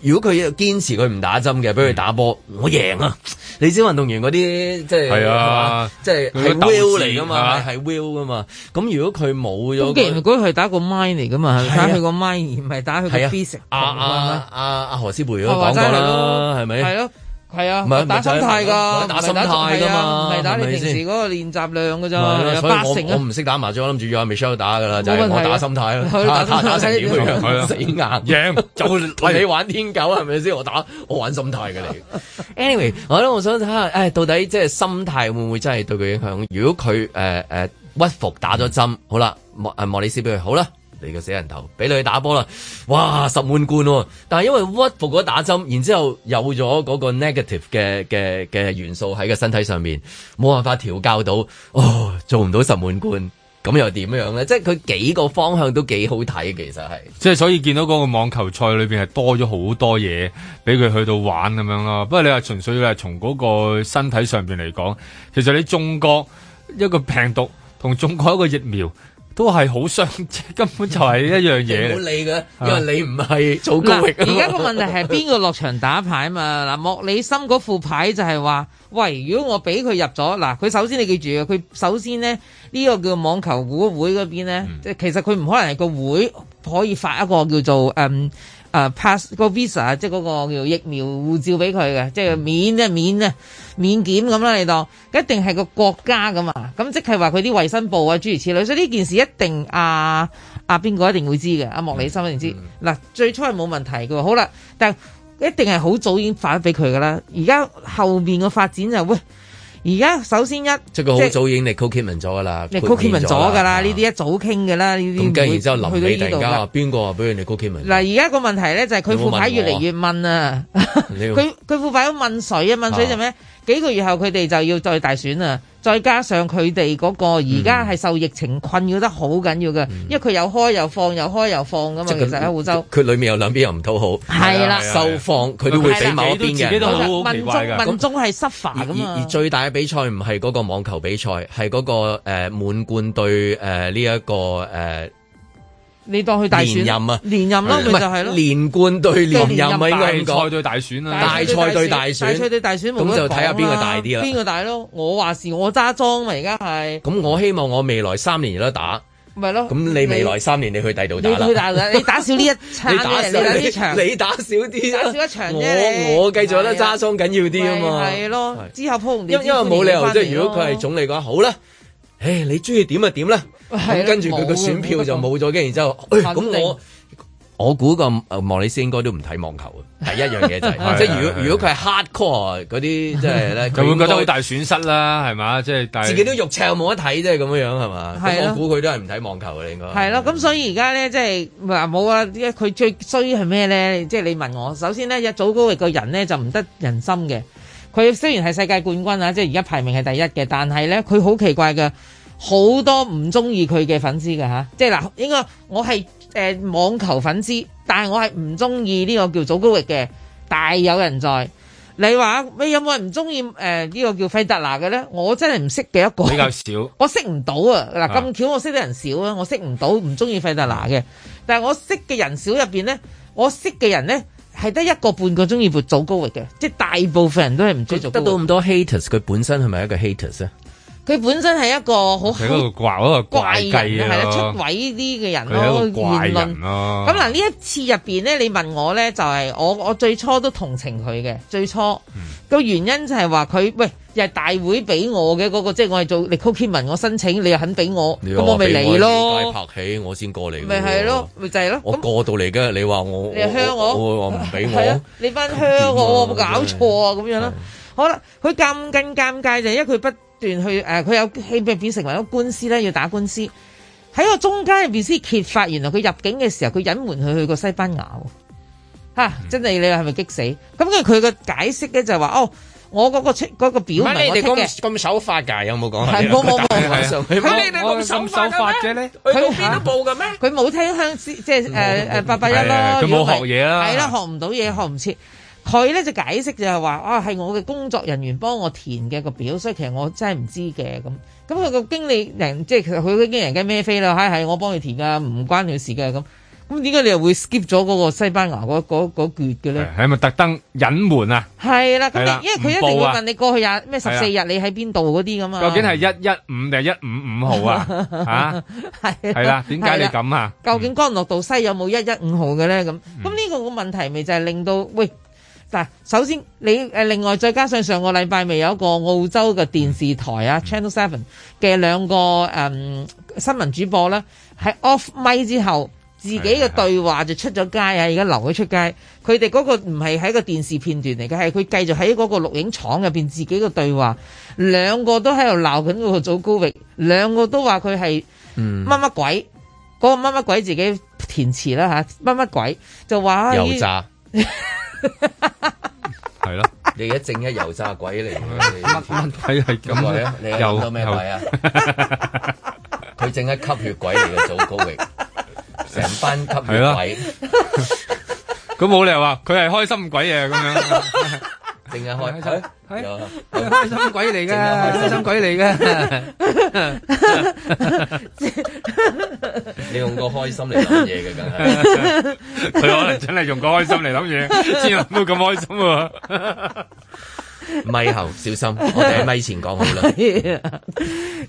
B: 如果佢堅持佢唔打針嘅，俾佢打波，我贏啊！你知運動員嗰啲即係、啊那個啊啊，啊，即係係 will 嚟噶嘛，係 will 噶嘛。咁如果佢冇咗，咁既然嗰
C: 個係打個 mind 嚟噶嘛，打佢個 mind 而唔係打佢個 physical 啊啊
B: 啊！何師傅嘅講過啦，係咪？係咯。
C: 係啊，唔係打心態噶，打心態噶嘛，唔係打你平時嗰個練習量噶咋，八成、啊啊啊、我唔
B: 識打麻雀，諗住約阿 Michelle 打噶啦，就係、是、我打心態啦，打、啊、打打，打、啊、打成點去、啊、死硬就係、 啊、你玩天九係咪先？我打我玩心態嘅你，anyway，我都我想睇下，誒、哎、到底即係心態會唔會真係對佢影響？如果佢誒誒屈服打咗針，好啦，莫莫里斯俾佢好啦。你個死人頭俾佢打波啦，哇十滿貫喎！但係因為屈服咗打針，然之後有咗嗰個 negative 嘅嘅嘅元素喺個身體上面，冇辦法調教到，哦做唔到十滿貫，咁又點樣咧？即係佢幾個方向都幾好睇，其實係
A: 即係所以見到嗰個網球賽裏邊係多咗好多嘢俾佢去到玩咁樣啦。不過你話純粹係從嗰個身體上邊嚟講，其實你中過一個病毒同中過一個疫苗。都係好傷，根本就係一樣嘢。好 理嘅、啊，因為你唔係做高域。而家個
C: 問題係邊個落場打牌啊嘛？嗱，莫里森嗰副牌就係話，喂，如果我俾佢入咗，嗱，佢首先你記住啊，佢首先咧呢、這個叫網球協會嗰邊咧，即、嗯、係其實佢唔可能係個會可以發一個叫做誒。嗯啊、uh，pass 個 visa 即嗰個叫疫苗護照俾佢嘅，即係免啊免啊免檢咁啦，你當一定係個國家咁啊，咁即係話佢啲衛生部啊諸如此類，所以呢件事一定阿阿邊個一定會知嘅，阿、啊、莫里森一定知。嗱、嗯嗯、最初係冇問題嘅，好啦，但一定係好早已經發俾佢㗎啦。而家後面嘅發展就喂。而家首先一即係佢好早
B: 已經 recognize 咗㗎啦，recognize 咗㗎啦，
C: 呢啲一早傾㗎啦，呢啲咁跟住之後臨尾突然間話
B: 邊個俾人哋 recognize
C: 嗱，而家個問題咧就係佢副牌越嚟越問啊，佢佢副牌都問水 啊，問水就咩？啊幾個月後佢哋就要再大選啦，再加上佢哋嗰個而家係受疫情困擾得好緊要嘅、嗯，因為佢又開又放，又開又放㗎嘛。其實喺澳洲，
B: 佢裏面有兩邊又唔討好。係啦，收放佢都會俾某一邊嘅。好民眾民
C: 眾係失而，而最大嘅比
B: 賽唔係嗰個網球比賽，係嗰、那個誒、呃、滿貫對呢一個誒。呃
C: 你當佢連任啊？連任咯、啊，咪就係咯。
B: 連冠對、
C: 啊、對連任，咪應
B: 該係賽對大選啦、啊。大賽對大選，咁就睇下邊個大啲啦。邊個
C: 大咯、啊？我話事我揸莊咪，而家係。
B: 咁我希望我未來三年都打。
C: 咪、嗯、咯。咁你未來
B: 三年你去第度打啦、啊？你打，你
C: 打少呢一場，你打少啲。你打少啲。少一場我我繼續得揸莊緊要啲啊嘛。係咯。之後鋪唔掂。因因為冇理由，即係如果佢係
B: 總理嘅話，好啦，誒，你中意點就、啊、點啦、啊。咁跟住佢個選票就冇咗跟然後之後咁、欸、我我估、那個莫里斯應該都唔睇網球第 一樣嘢就係、是、 即係如果 如果佢係 hardcore 嗰啲，即係咧，佢會覺得好大損失啦，係嘛？即係自己都肉赤冇得睇，即係咁樣樣係嘛？ 我估佢都係唔睇網球嘅，應該
C: 係咯。咁所以而家咧，即係話冇啊？佢最衰係咩咧？即、就、係、是、你問我，首先呢，一早高域個人咧就唔得人心嘅。佢雖然係世界冠軍啊，即係而家排名係第一嘅，但係咧佢好奇怪嘅。好多唔中意佢嘅粉絲㗎。吓、啊，即係嗱，應該我係誒、呃、網球粉絲，但係我係唔中意呢個叫祖高域嘅，大有人在。你話咩有冇人唔中意誒呢個叫費達拿嘅咧？我真係唔識嘅一個，比較少，我識唔到啊。嗱，咁巧我識得人少啊，我識唔到唔中意費達拿嘅。但係我識嘅人少入邊咧，我識嘅人咧係得一個半個中意博祖高域嘅，即、就、係、是、大部分人都係唔中意。得到咁多 haters，佢本身係咪一
B: 個 haters 咧？
C: 佢本身係一個好，一個
B: 怪，一個怪人係咯，出位
C: 啲嘅人咯，言論咯。咁嗱呢一次入邊咧，你問我咧就係我，我最初都同情佢嘅。最初個原因就係話佢喂，又係大會俾我嘅嗰個，即係我係做力扣天文，我申請你又肯俾我，咁我咪嚟咯。街拍
B: 起我先過嚟，咪係咯，
C: 咪就係咯。我過
B: 到嚟嘅，你話我你靴我，我話俾我，
C: 你番靴我，我冇搞錯啊，咁樣咯。好啦，佢咁跟尷尬就係因為佢不。去誒，佢、呃、有戲變成埋個官司咧，要打官司喺個中間入邊先揭發，原來佢入境嘅時候佢隱瞞佢去過西班牙喎，吓、啊嗯、真係你話係咪激死？咁佢佢個解釋咧就話、是、哦，我嗰、那個出嗰、那個表我，你哋咁
B: 咁守法噶有冇講？係冇冇冇，佢、啊、你哋咁守法嘅
A: 咩？
C: 佢邊都報嘅咩？佢、啊、冇聽香即係誒誒八八一佢冇學嘢啦，係啦、啊，學唔到嘢，學唔切。佢咧就解釋就係、是、話啊，係我嘅工作人員幫我填嘅個表，所以其實我真係唔知嘅咁。咁佢個經理人即係佢佢經理人嘅咩飛啦，係、哎、係、哎、我幫佢填㗎，唔關佢事嘅咁。咁點解你又會 skip 咗嗰個西班牙嗰嗰嗰段嘅咧？
A: 係咪特登隱瞞啊？
C: 係啦，咁因為佢一定要問你過去啊咩十四日你喺邊度嗰啲咁啊？究竟係一
A: 一五定係一五五號啊？
C: 係 係、啊、啦，點解你咁啊、嗯？究竟江樂道西有冇一一五號嘅咧？咁咁呢個個問題咪就係令到喂？首先，你誒另外再加上上個禮拜未有一個澳洲嘅電視台啊、mm -hmm.，Channel Seven 嘅兩個誒、嗯、新聞主播咧、啊，喺 off m 麥之後，自己嘅對話就出咗街啊，而家留佢出街。佢哋嗰個唔係喺個電視片段嚟嘅，係佢繼續喺嗰個錄影廠入邊自己嘅對話、mm -hmm. 兩，兩個都喺度鬧緊個祖高域，兩個都話佢係乜乜鬼，嗰、mm -hmm. 個乜乜鬼自己填詞啦、啊、嚇，乜乜鬼就話油炸。
B: 係咯，你一正一油炸鬼嚟，乜鬼係咁嚟啊？你又到咩鬼啊？佢正一吸血鬼嚟嘅，祖高域
A: 成班吸血鬼 是、啊。咁冇理由話，佢係開心鬼嘢咁樣。
C: 正啊，開心，
B: 開心鬼嚟
A: 嘅，開心鬼嚟嘅，你用個開心嚟諗嘢嘅，梗係，佢可能真
B: 係用個開心嚟諗嘢，先諗到咁開心啊！咪喉小心，我哋喺咪前講好啦。
C: 咁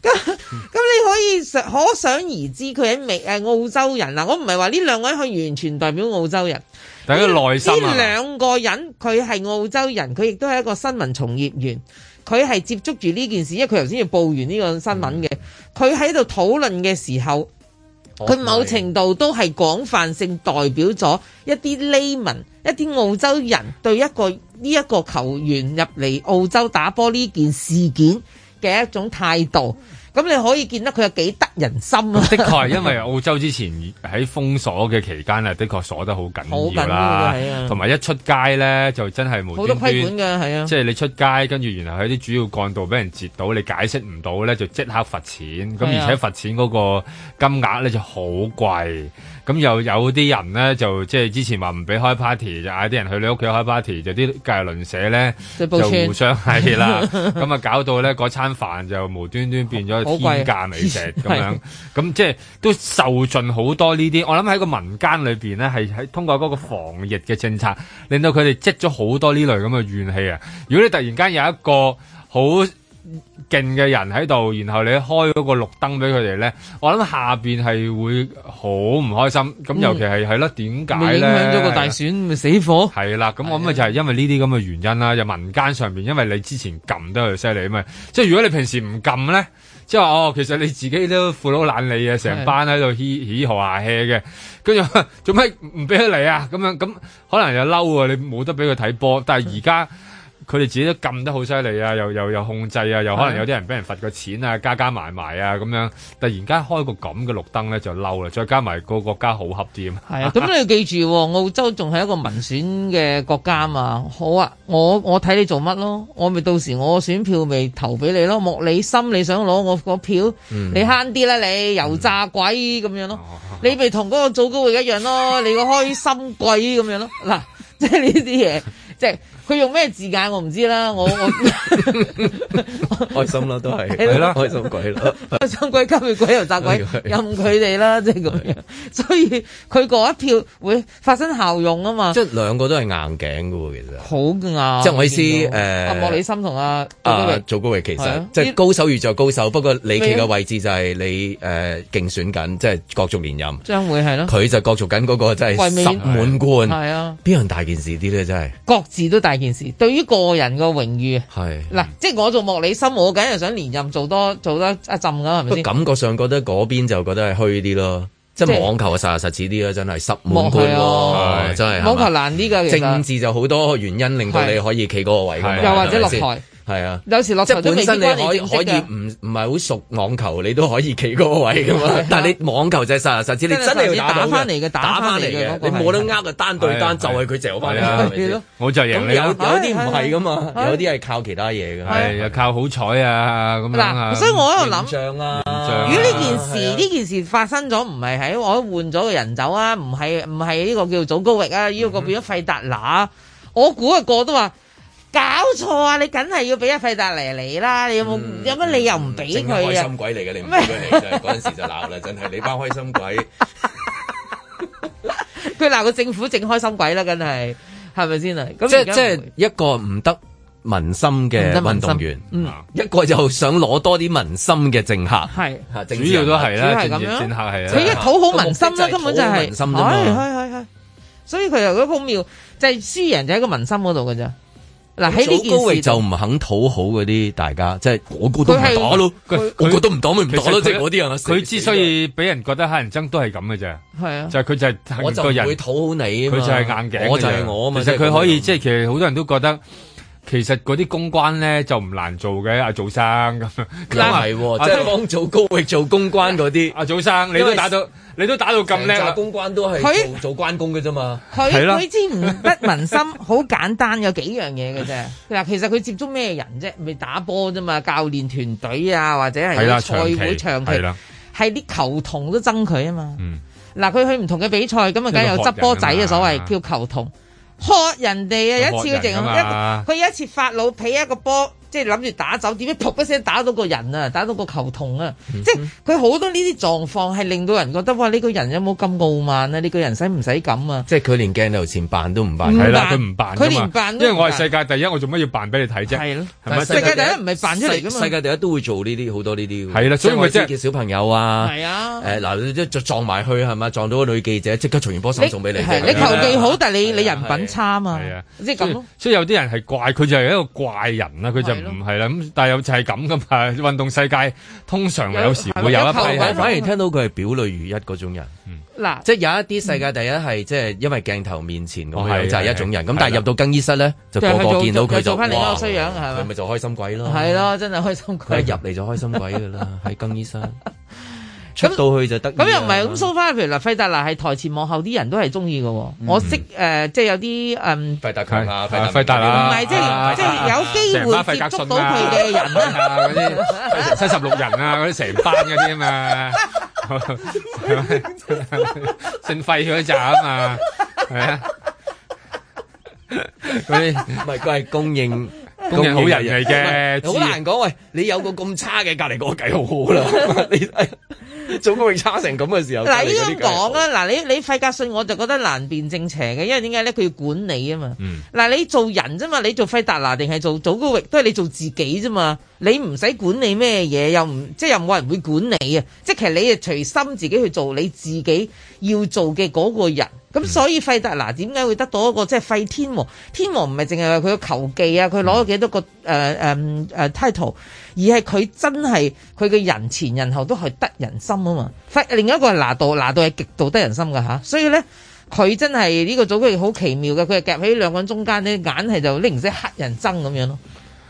C: 咁，你可以想，可想而知，佢係美誒澳洲人啦。我唔係話呢兩位可以完全代表澳洲人。等、就、佢、是、內心啊！呢兩個人佢係澳洲人，佢亦都係一個新聞從業員，佢係接觸住呢件事，因為佢頭先要報完呢個新聞嘅，佢喺度討論嘅時候，佢、嗯、某程度都係廣泛性代表咗一啲 layman，一啲澳洲人對一個呢一、這個球員入嚟澳洲打波呢件事件嘅一種態度。咁你可以見得佢有幾得人心啊、嗯！的確係因為澳
A: 洲之前喺封鎖嘅期間啊，的確鎖得好緊要啦，同埋一出街咧就真係冇好多批管嘅，係啊！即係你出街跟住原來喺啲主要幹道俾人截到，你解釋唔到咧就即刻罰錢，咁而且罰錢嗰個金額咧就好貴。咁又有啲人咧，就即係之前話唔俾開 party，就嗌啲人去你屋企開 party，就啲隔籬鄰舍咧就互相係啦。咁 啊搞到咧嗰餐飯就無端端變咗天價美食咁 樣，咁即係都受盡好多呢啲。 我諗喺個民間裏面咧，係喺通過嗰個防疫嘅政策，令到佢哋積咗好多呢類咁嘅怨氣啊！如果你突然間有一個好，勁嘅人喺度，然後你開嗰個綠燈俾佢哋咧，我諗下邊係會好唔開心。咁尤其係係咯，點解咧？影響咗個大選咪死火？係啦，咁我諗就係因為呢啲咁嘅原因啦。就民間上邊，因為你之前撳得佢犀利啊嘛。即係如果你平時唔撳咧，即係話哦，其實你自己都父老懶，你啊，成班喺度嘻嘻下氣嘅。跟住做咩唔俾佢嚟啊？咁樣咁可能又嬲啊！你冇得俾佢睇波，但係而家。佢哋自己都撳得好犀利啊，又又又控制啊，又可能有啲人俾人罰個錢啊，加加埋埋啊咁樣，突然間開個咁嘅綠燈咧就嬲啦，再加埋個國家好合啲啊嘛。係啊，咁 你
C: 要記住，澳洲仲係一個民選嘅國家啊嘛。好啊，我我睇你做乜咯，我咪到時我選票咪投俾你咯。莫里森你想攞我個票，嗯、你慳啲啦你，油炸鬼咁樣咯、嗯。你咪同嗰個最高嘅一樣咯， 你個開心鬼咁樣咯。嗱，即係呢啲嘢，即係。佢用咩字眼我唔知啦，我我
B: 開心
C: 啦都係係啦，開心鬼啦， 開心鬼今日鬼又砸鬼，鬼任佢哋啦，即係咁樣，所以佢嗰一票會發生效用啊嘛！即、就是、兩個都係硬頸㗎喎，其實好硬、啊。
B: 即係我意思誒，莫里森
C: 同阿阿
B: 祖高域其實即係、就是、高手遇著高手，不過李琦嘅位置就係你誒、呃、競選緊，即係角逐連任，
C: 將會係咯。佢
B: 就角逐緊嗰個即係十滿貫係啊，邊樣大件事啲咧？真
C: 係各自都大。件事，對於個人嘅榮譽係嗱，即係我做莫里森，我梗係想連任做多做多一浸。噶，係咪先？感
B: 覺上覺得嗰邊就覺得係虛啲咯，即係網球實在實在實在啊，實實似啲咯，真係十滿貫喎，真係網球難啲㗎。政治就好多原因令到你可以企嗰個位，又或者落台。
C: 係啊，有時落即係本身你可以你可以
B: 唔唔係好熟網球，你都可以企嗰個位噶嘛。但係你網球就係實在實質質、那個那個，你真係要打翻嚟嘅打翻嚟嘅，你冇得呃嘅單對單就係佢就翻嚟嘅，
A: 我就贏咧。有啲唔係噶嘛，有啲係靠其他嘢嘅。係啊，靠好彩啊咁樣。所以
C: 我喺度諗，
A: 如果呢件
C: 事呢件事發生咗，唔係喺我換咗個人走啊，唔係唔係呢個叫做祖高域啊，呢、嗯、個,個變咗費達拿，我估一個都話。搞錯啊！你梗係要俾阿費達嚟你啦！你有冇有乜、嗯、理由唔俾佢啊？嗯、開心鬼，嚟嘅，你唔俾佢
B: 就嗰陣時就鬧啦！真係 你班開心鬼，
C: 佢鬧個政府正開心鬼啦！梗係，係咪先啊？咁即即
B: 一個唔得民心嘅運動員，民民嗯、一個就想攞多啲民心嘅政客，
C: 係主要都係啦，係咁政客係佢一討好民心啦，心根本就係、是、心、哎哎哎、所以佢又嗰個妙就係輸贏就喺個民心嗰度嘅啫。嗱，喺呢件事就
B: 唔肯討好嗰啲大家，即係我估都唔打咯，
A: 我覺得唔打咪唔打咯，即係嗰啲人死死。佢之所以俾人覺得黑人憎，都係咁嘅啫。係啊，就係、是、佢就係個人會討好你，佢就係硬頸，我就係我啊嘛。其實佢可以即係，就是、其實好多人都覺得。其實嗰啲公關咧就唔難做嘅，阿、啊、祖生咁，嗱，係即係
B: 幫做高域做公關嗰啲，阿、啊啊、祖生你都打到，你都打到咁叻，公關都係做做關公嘅啫嘛，
C: 佢佢知唔得民心，好 簡單，有幾樣嘢嘅啫。嗱，其實佢接觸咩人啫？咪打波啫嘛，教練團隊啊，或者係賽會長期係啲球童都憎佢啊嘛。嗱、嗯，佢去唔同嘅比賽咁啊，梗係有執波仔嘅所謂叫球童。學人哋啊！一次佢淨咁一個，佢有一,一次發老脾一個波。即係諗住打走，點樣撲一聲打到個人啊？打到個球童啊！嗯、即係佢好多呢啲狀況，係令到人覺得哇！呢、這個人有冇咁傲慢啊？呢、這個人使唔使咁啊？即係佢
B: 連鏡頭前扮都唔扮，係啦，佢唔扮，佢連扮
A: 都，因為我係世界第一，我做乜要扮俾你睇啫？係咯，世界第一唔係扮出嚟㗎嘛，咁世界第一
B: 都會做呢啲好多呢啲，係啦，所以即、就、係、是、
A: 叫小朋友啊，係啊，誒、哎、嗱、呃，你即撞埋去係嘛？撞到個女記者，即刻隨緣波手送俾你，你，你球技好，
C: 但係你你人品差啊嘛，即係咁，
A: 所以有啲人係怪佢就係一個怪人啊，佢就是。唔係啦，咁、嗯、但係又就係咁噶嘛。運動世界通常有時會有一批，反而聽到佢係表裏如一嗰種人。
B: 嗱、嗯，即係有一啲世界第一係即係因為鏡頭面前、嗯、就係、係、一種人。咁但係入到更衣室咧，就個個見到佢衰哇，係咪就，就開心鬼咯。係咯，
C: 真係開心鬼。佢一入
B: 嚟就開心鬼噶啦，喺 更衣室。出到去就得，咁又唔係咁。蘇
C: 翻，譬如嗱，費達拿係台前幕後啲人都係中意嘅喎。我識誒，即係有啲誒。費達拉，費達拉，唔係即係即係有
A: 機會接觸到佢嘅人啊！嗰啲七十六人啊，嗰啲成班嗰啲啊嘛，姓費嗰扎啊嘛，係啊，嗰啲咪佢係供應。咁好人嚟嘅，好難
B: 講。喂，你有個咁差嘅，隔籬個計好好啦。你祖高域差成咁嘅時候，嗱， 呢講
C: 啦，嗱，你你費格遜我就覺得難辨正邪嘅，因為點解咧？佢要管理啊嘛。嗱、嗯，你做人啫嘛，你做費達拿定係做祖高域，都係你做自己啫嘛。你唔使管理咩嘢，又唔即係又冇人會管你啊。即係其實你啊隨心自己去做你自己要做嘅嗰個人。咁、嗯、所以費特拿點解會得到一個即係費天王？天王唔係淨係話佢嘅球技啊，佢攞咗幾多個誒誒誒 title，而係佢真係佢嘅人前人後都係得人心啊嘛！費另一個係拿度，拿度係極度得人心嘅，吓、啊，所以咧佢真係呢、呢個組別好奇妙嘅，佢係夾喺兩個人中間咧，你眼係就拎唔識黑人憎咁樣咯。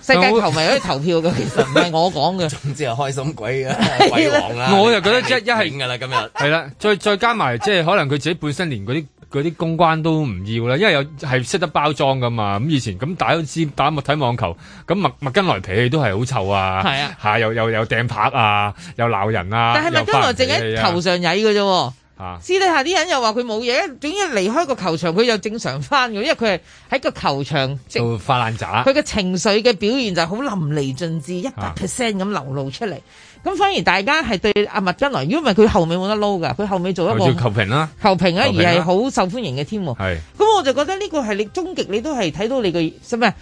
C: 世界球迷可以投票嘅， 其實唔係我講嘅。總之係開心鬼啊，啊，
A: 鬼王啊！我就覺得一係㗎啦，今日係啦，再再加埋即係可能佢自己本身連嗰啲。嗰啲公關都唔要啦，因為有係識得包裝噶嘛。咁以前咁大家都知打物體網球，咁麥麥根萊脾氣都係好臭啊，係啊，吓又又又掟拍啊，又鬧、啊、人啊。但係麥根萊淨喺球上曳嘅啫，私
C: 底下啲人又話佢冇嘢，總之離開個球場佢又正常翻嘅，因為佢係喺個球場即
A: 發爛渣。佢
C: 嘅情緒嘅表現就係好淋漓盡致，一百 percent 咁流露出嚟。啊。咁反而大家係對阿麥君來，如果唔係佢後尾冇得撈噶，佢後尾做一個做球評啦，球評啦、啊，而係好受歡迎嘅添。係，咁我就覺得呢個係你終極，你都係睇到你個咩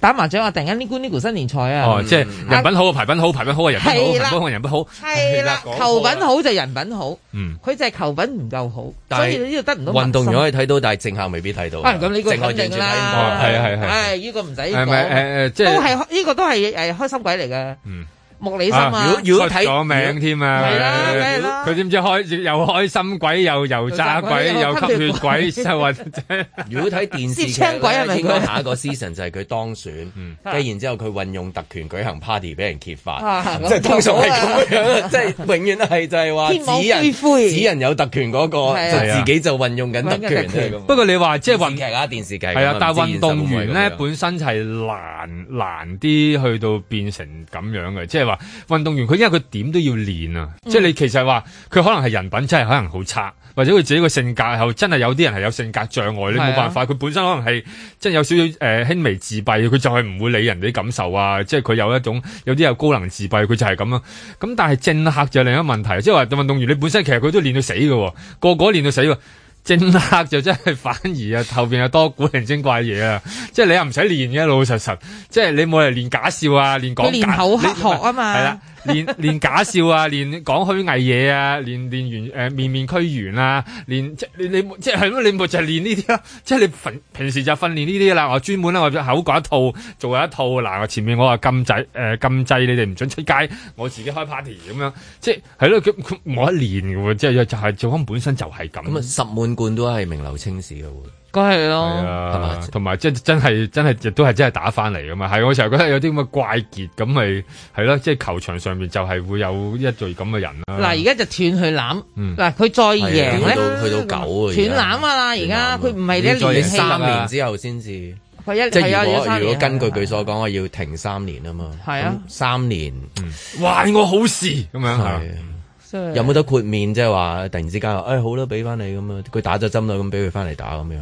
C: 打麻將啊，突然間呢冠呢冠新年賽啊。哦、嗯，即係人品好嘅牌、
A: 啊、品好，排品好嘅人品好，牌品好人品好係啦，好、哎
C: 啦，球品好就人品好。嗯，佢就係球品唔夠好，所以呢度得唔到運動員可以
B: 睇到，但係正效未必睇到。啊，咁、啊、呢、啊啊啊啊哎哎這個正正啦，
C: 係係係。唉、哎，呢個唔使講，誒即係都係呢、這個都係誒、哎、開心鬼嚟嘅。嗯。莫里斯啊！睇咗名
A: 添啊！係啦，佢、啊啊、知唔知開又開心鬼，又油炸鬼、鬼，又吸血鬼，又 或者 如果睇電視劇咧，應該、啊啊啊、下一
B: 個 season 就係佢當選，啊、然之後佢運用特權舉行 party 俾、啊、人揭發，即、啊、係、啊、通常係咁樣，即係永遠係就係話指人指人有特權嗰
A: 個，就自己就運用緊特權。不過你話即係劇啊，電視劇係啊，但係運動員咧本身係難難啲，去到變成咁樣嘅，即係。運動員佢因為佢點都要練啊、嗯，即係你其實話佢可能係人品真係可能好差，或者佢自己個性格又真係有啲人係有性格障礙，你冇辦法，佢、啊、本身可能係即係有少少誒輕微自閉，佢就係唔會理人哋啲感受啊，即係佢有一種有啲又高能自閉，佢就係咁啦。咁但係政客就另一個問題，即係話運動員你本身其實佢都練到死㗎，個個都練到死。正客就真係反而啊，後邊有多古靈精怪嘢啊！即係你又唔使練嘅，老老實實，即係你冇嚟練假笑啊，練講假，你學啊嘛。練 練假笑啊，練講虛偽嘢啊，練練完誒、呃、面面俱圓啊，練即係你你即係咁，你咪就係練呢啲咯，即係你平時就訓練呢啲啦。我專門啦，我口講一套，做一套。嗱，我前面我話禁制誒、呃、禁制你哋唔准出街，我自己開 party 咁樣，即係係咯，咁佢冇得練嘅喎，即係就係、是、做本身就係咁。咁啊，十滿貫都係名留青史嘅喎。梗係咯，是、啊，同埋即係真係真係，亦都係真係打翻嚟噶嘛。係、啊、我成日覺得有啲咁嘅怪傑，咁咪係咯。即係球場上面就係會有一隊咁嘅人啦、啊。嗱，而
C: 家就斷去纜，嗱，佢再贏呢，去到
A: 九，斷纜
C: 啊！而家佢唔係一年要三年之後先至，即係如果如果根
B: 據佢所講、啊，我要停三年啊嘛。係啊，三年
A: 還我、嗯、好事咁樣係。
C: 有冇
B: 得豁免？即係話突然之間，誒、哎，好啦，俾翻你咁啊！佢打咗針啦，咁俾佢翻嚟打咁樣。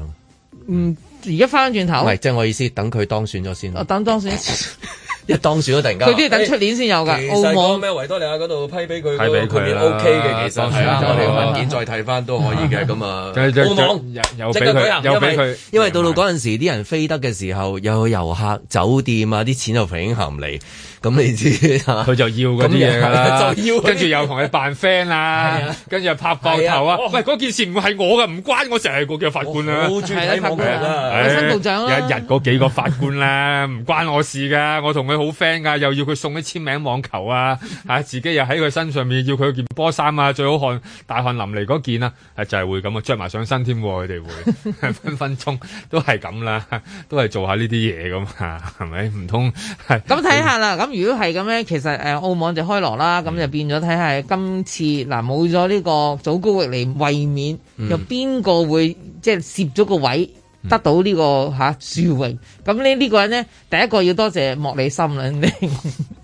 B: 嗯，而
C: 家翻轉頭，唔係，即
B: 係我意思，等佢當選咗先啦、
C: 嗯啊。等當選，
B: 一當選咗突然間，佢都要等出
C: 年先有噶。
B: 澳網咩？維多利亞嗰
A: 度批俾佢，批俾佢，O K 嘅，其實係、欸那個、啦，OK、我哋文件再
B: 睇翻都可以嘅。咁啊，澳網又俾佢，又俾佢，因為到到嗰陣時啲人飛得嘅時候，有遊客酒店啊，啲錢又肥行嚟。咁你知，佢、啊、就
A: 要嗰啲嘢啦，跟住又同佢扮 friend 啦、啊啊，跟住又拍膊頭啊，喂、啊，嗰、哦、件事唔係我噶，唔關我成日叫法官啊。係、啊啊啊哎、啦，拍網球啦，副庭長一日嗰幾個法官啦、啊，唔 關我事噶，我同佢好 friend 噶，又要佢送啲簽名網球啊，吓、啊，自己又喺佢身上面要佢件波衫啊，最好看，大汗淋漓嗰件啊，就係會咁啊，着、就、埋、是、上身添、啊，佢哋會 分分鐘都係咁啦，都係做下呢啲嘢咁啊，係咪？唔通咁
C: 睇下啦，咁。如果係咁咧，其實誒、呃、澳網就開羅鑼啦，咁就變咗睇下今次嗱冇咗呢個祖高域嚟衛冕，有邊個會即係攝咗個位得到呢、這個吓殊榮，咁呢呢個人咧，第一個要多謝莫里森啦。嗯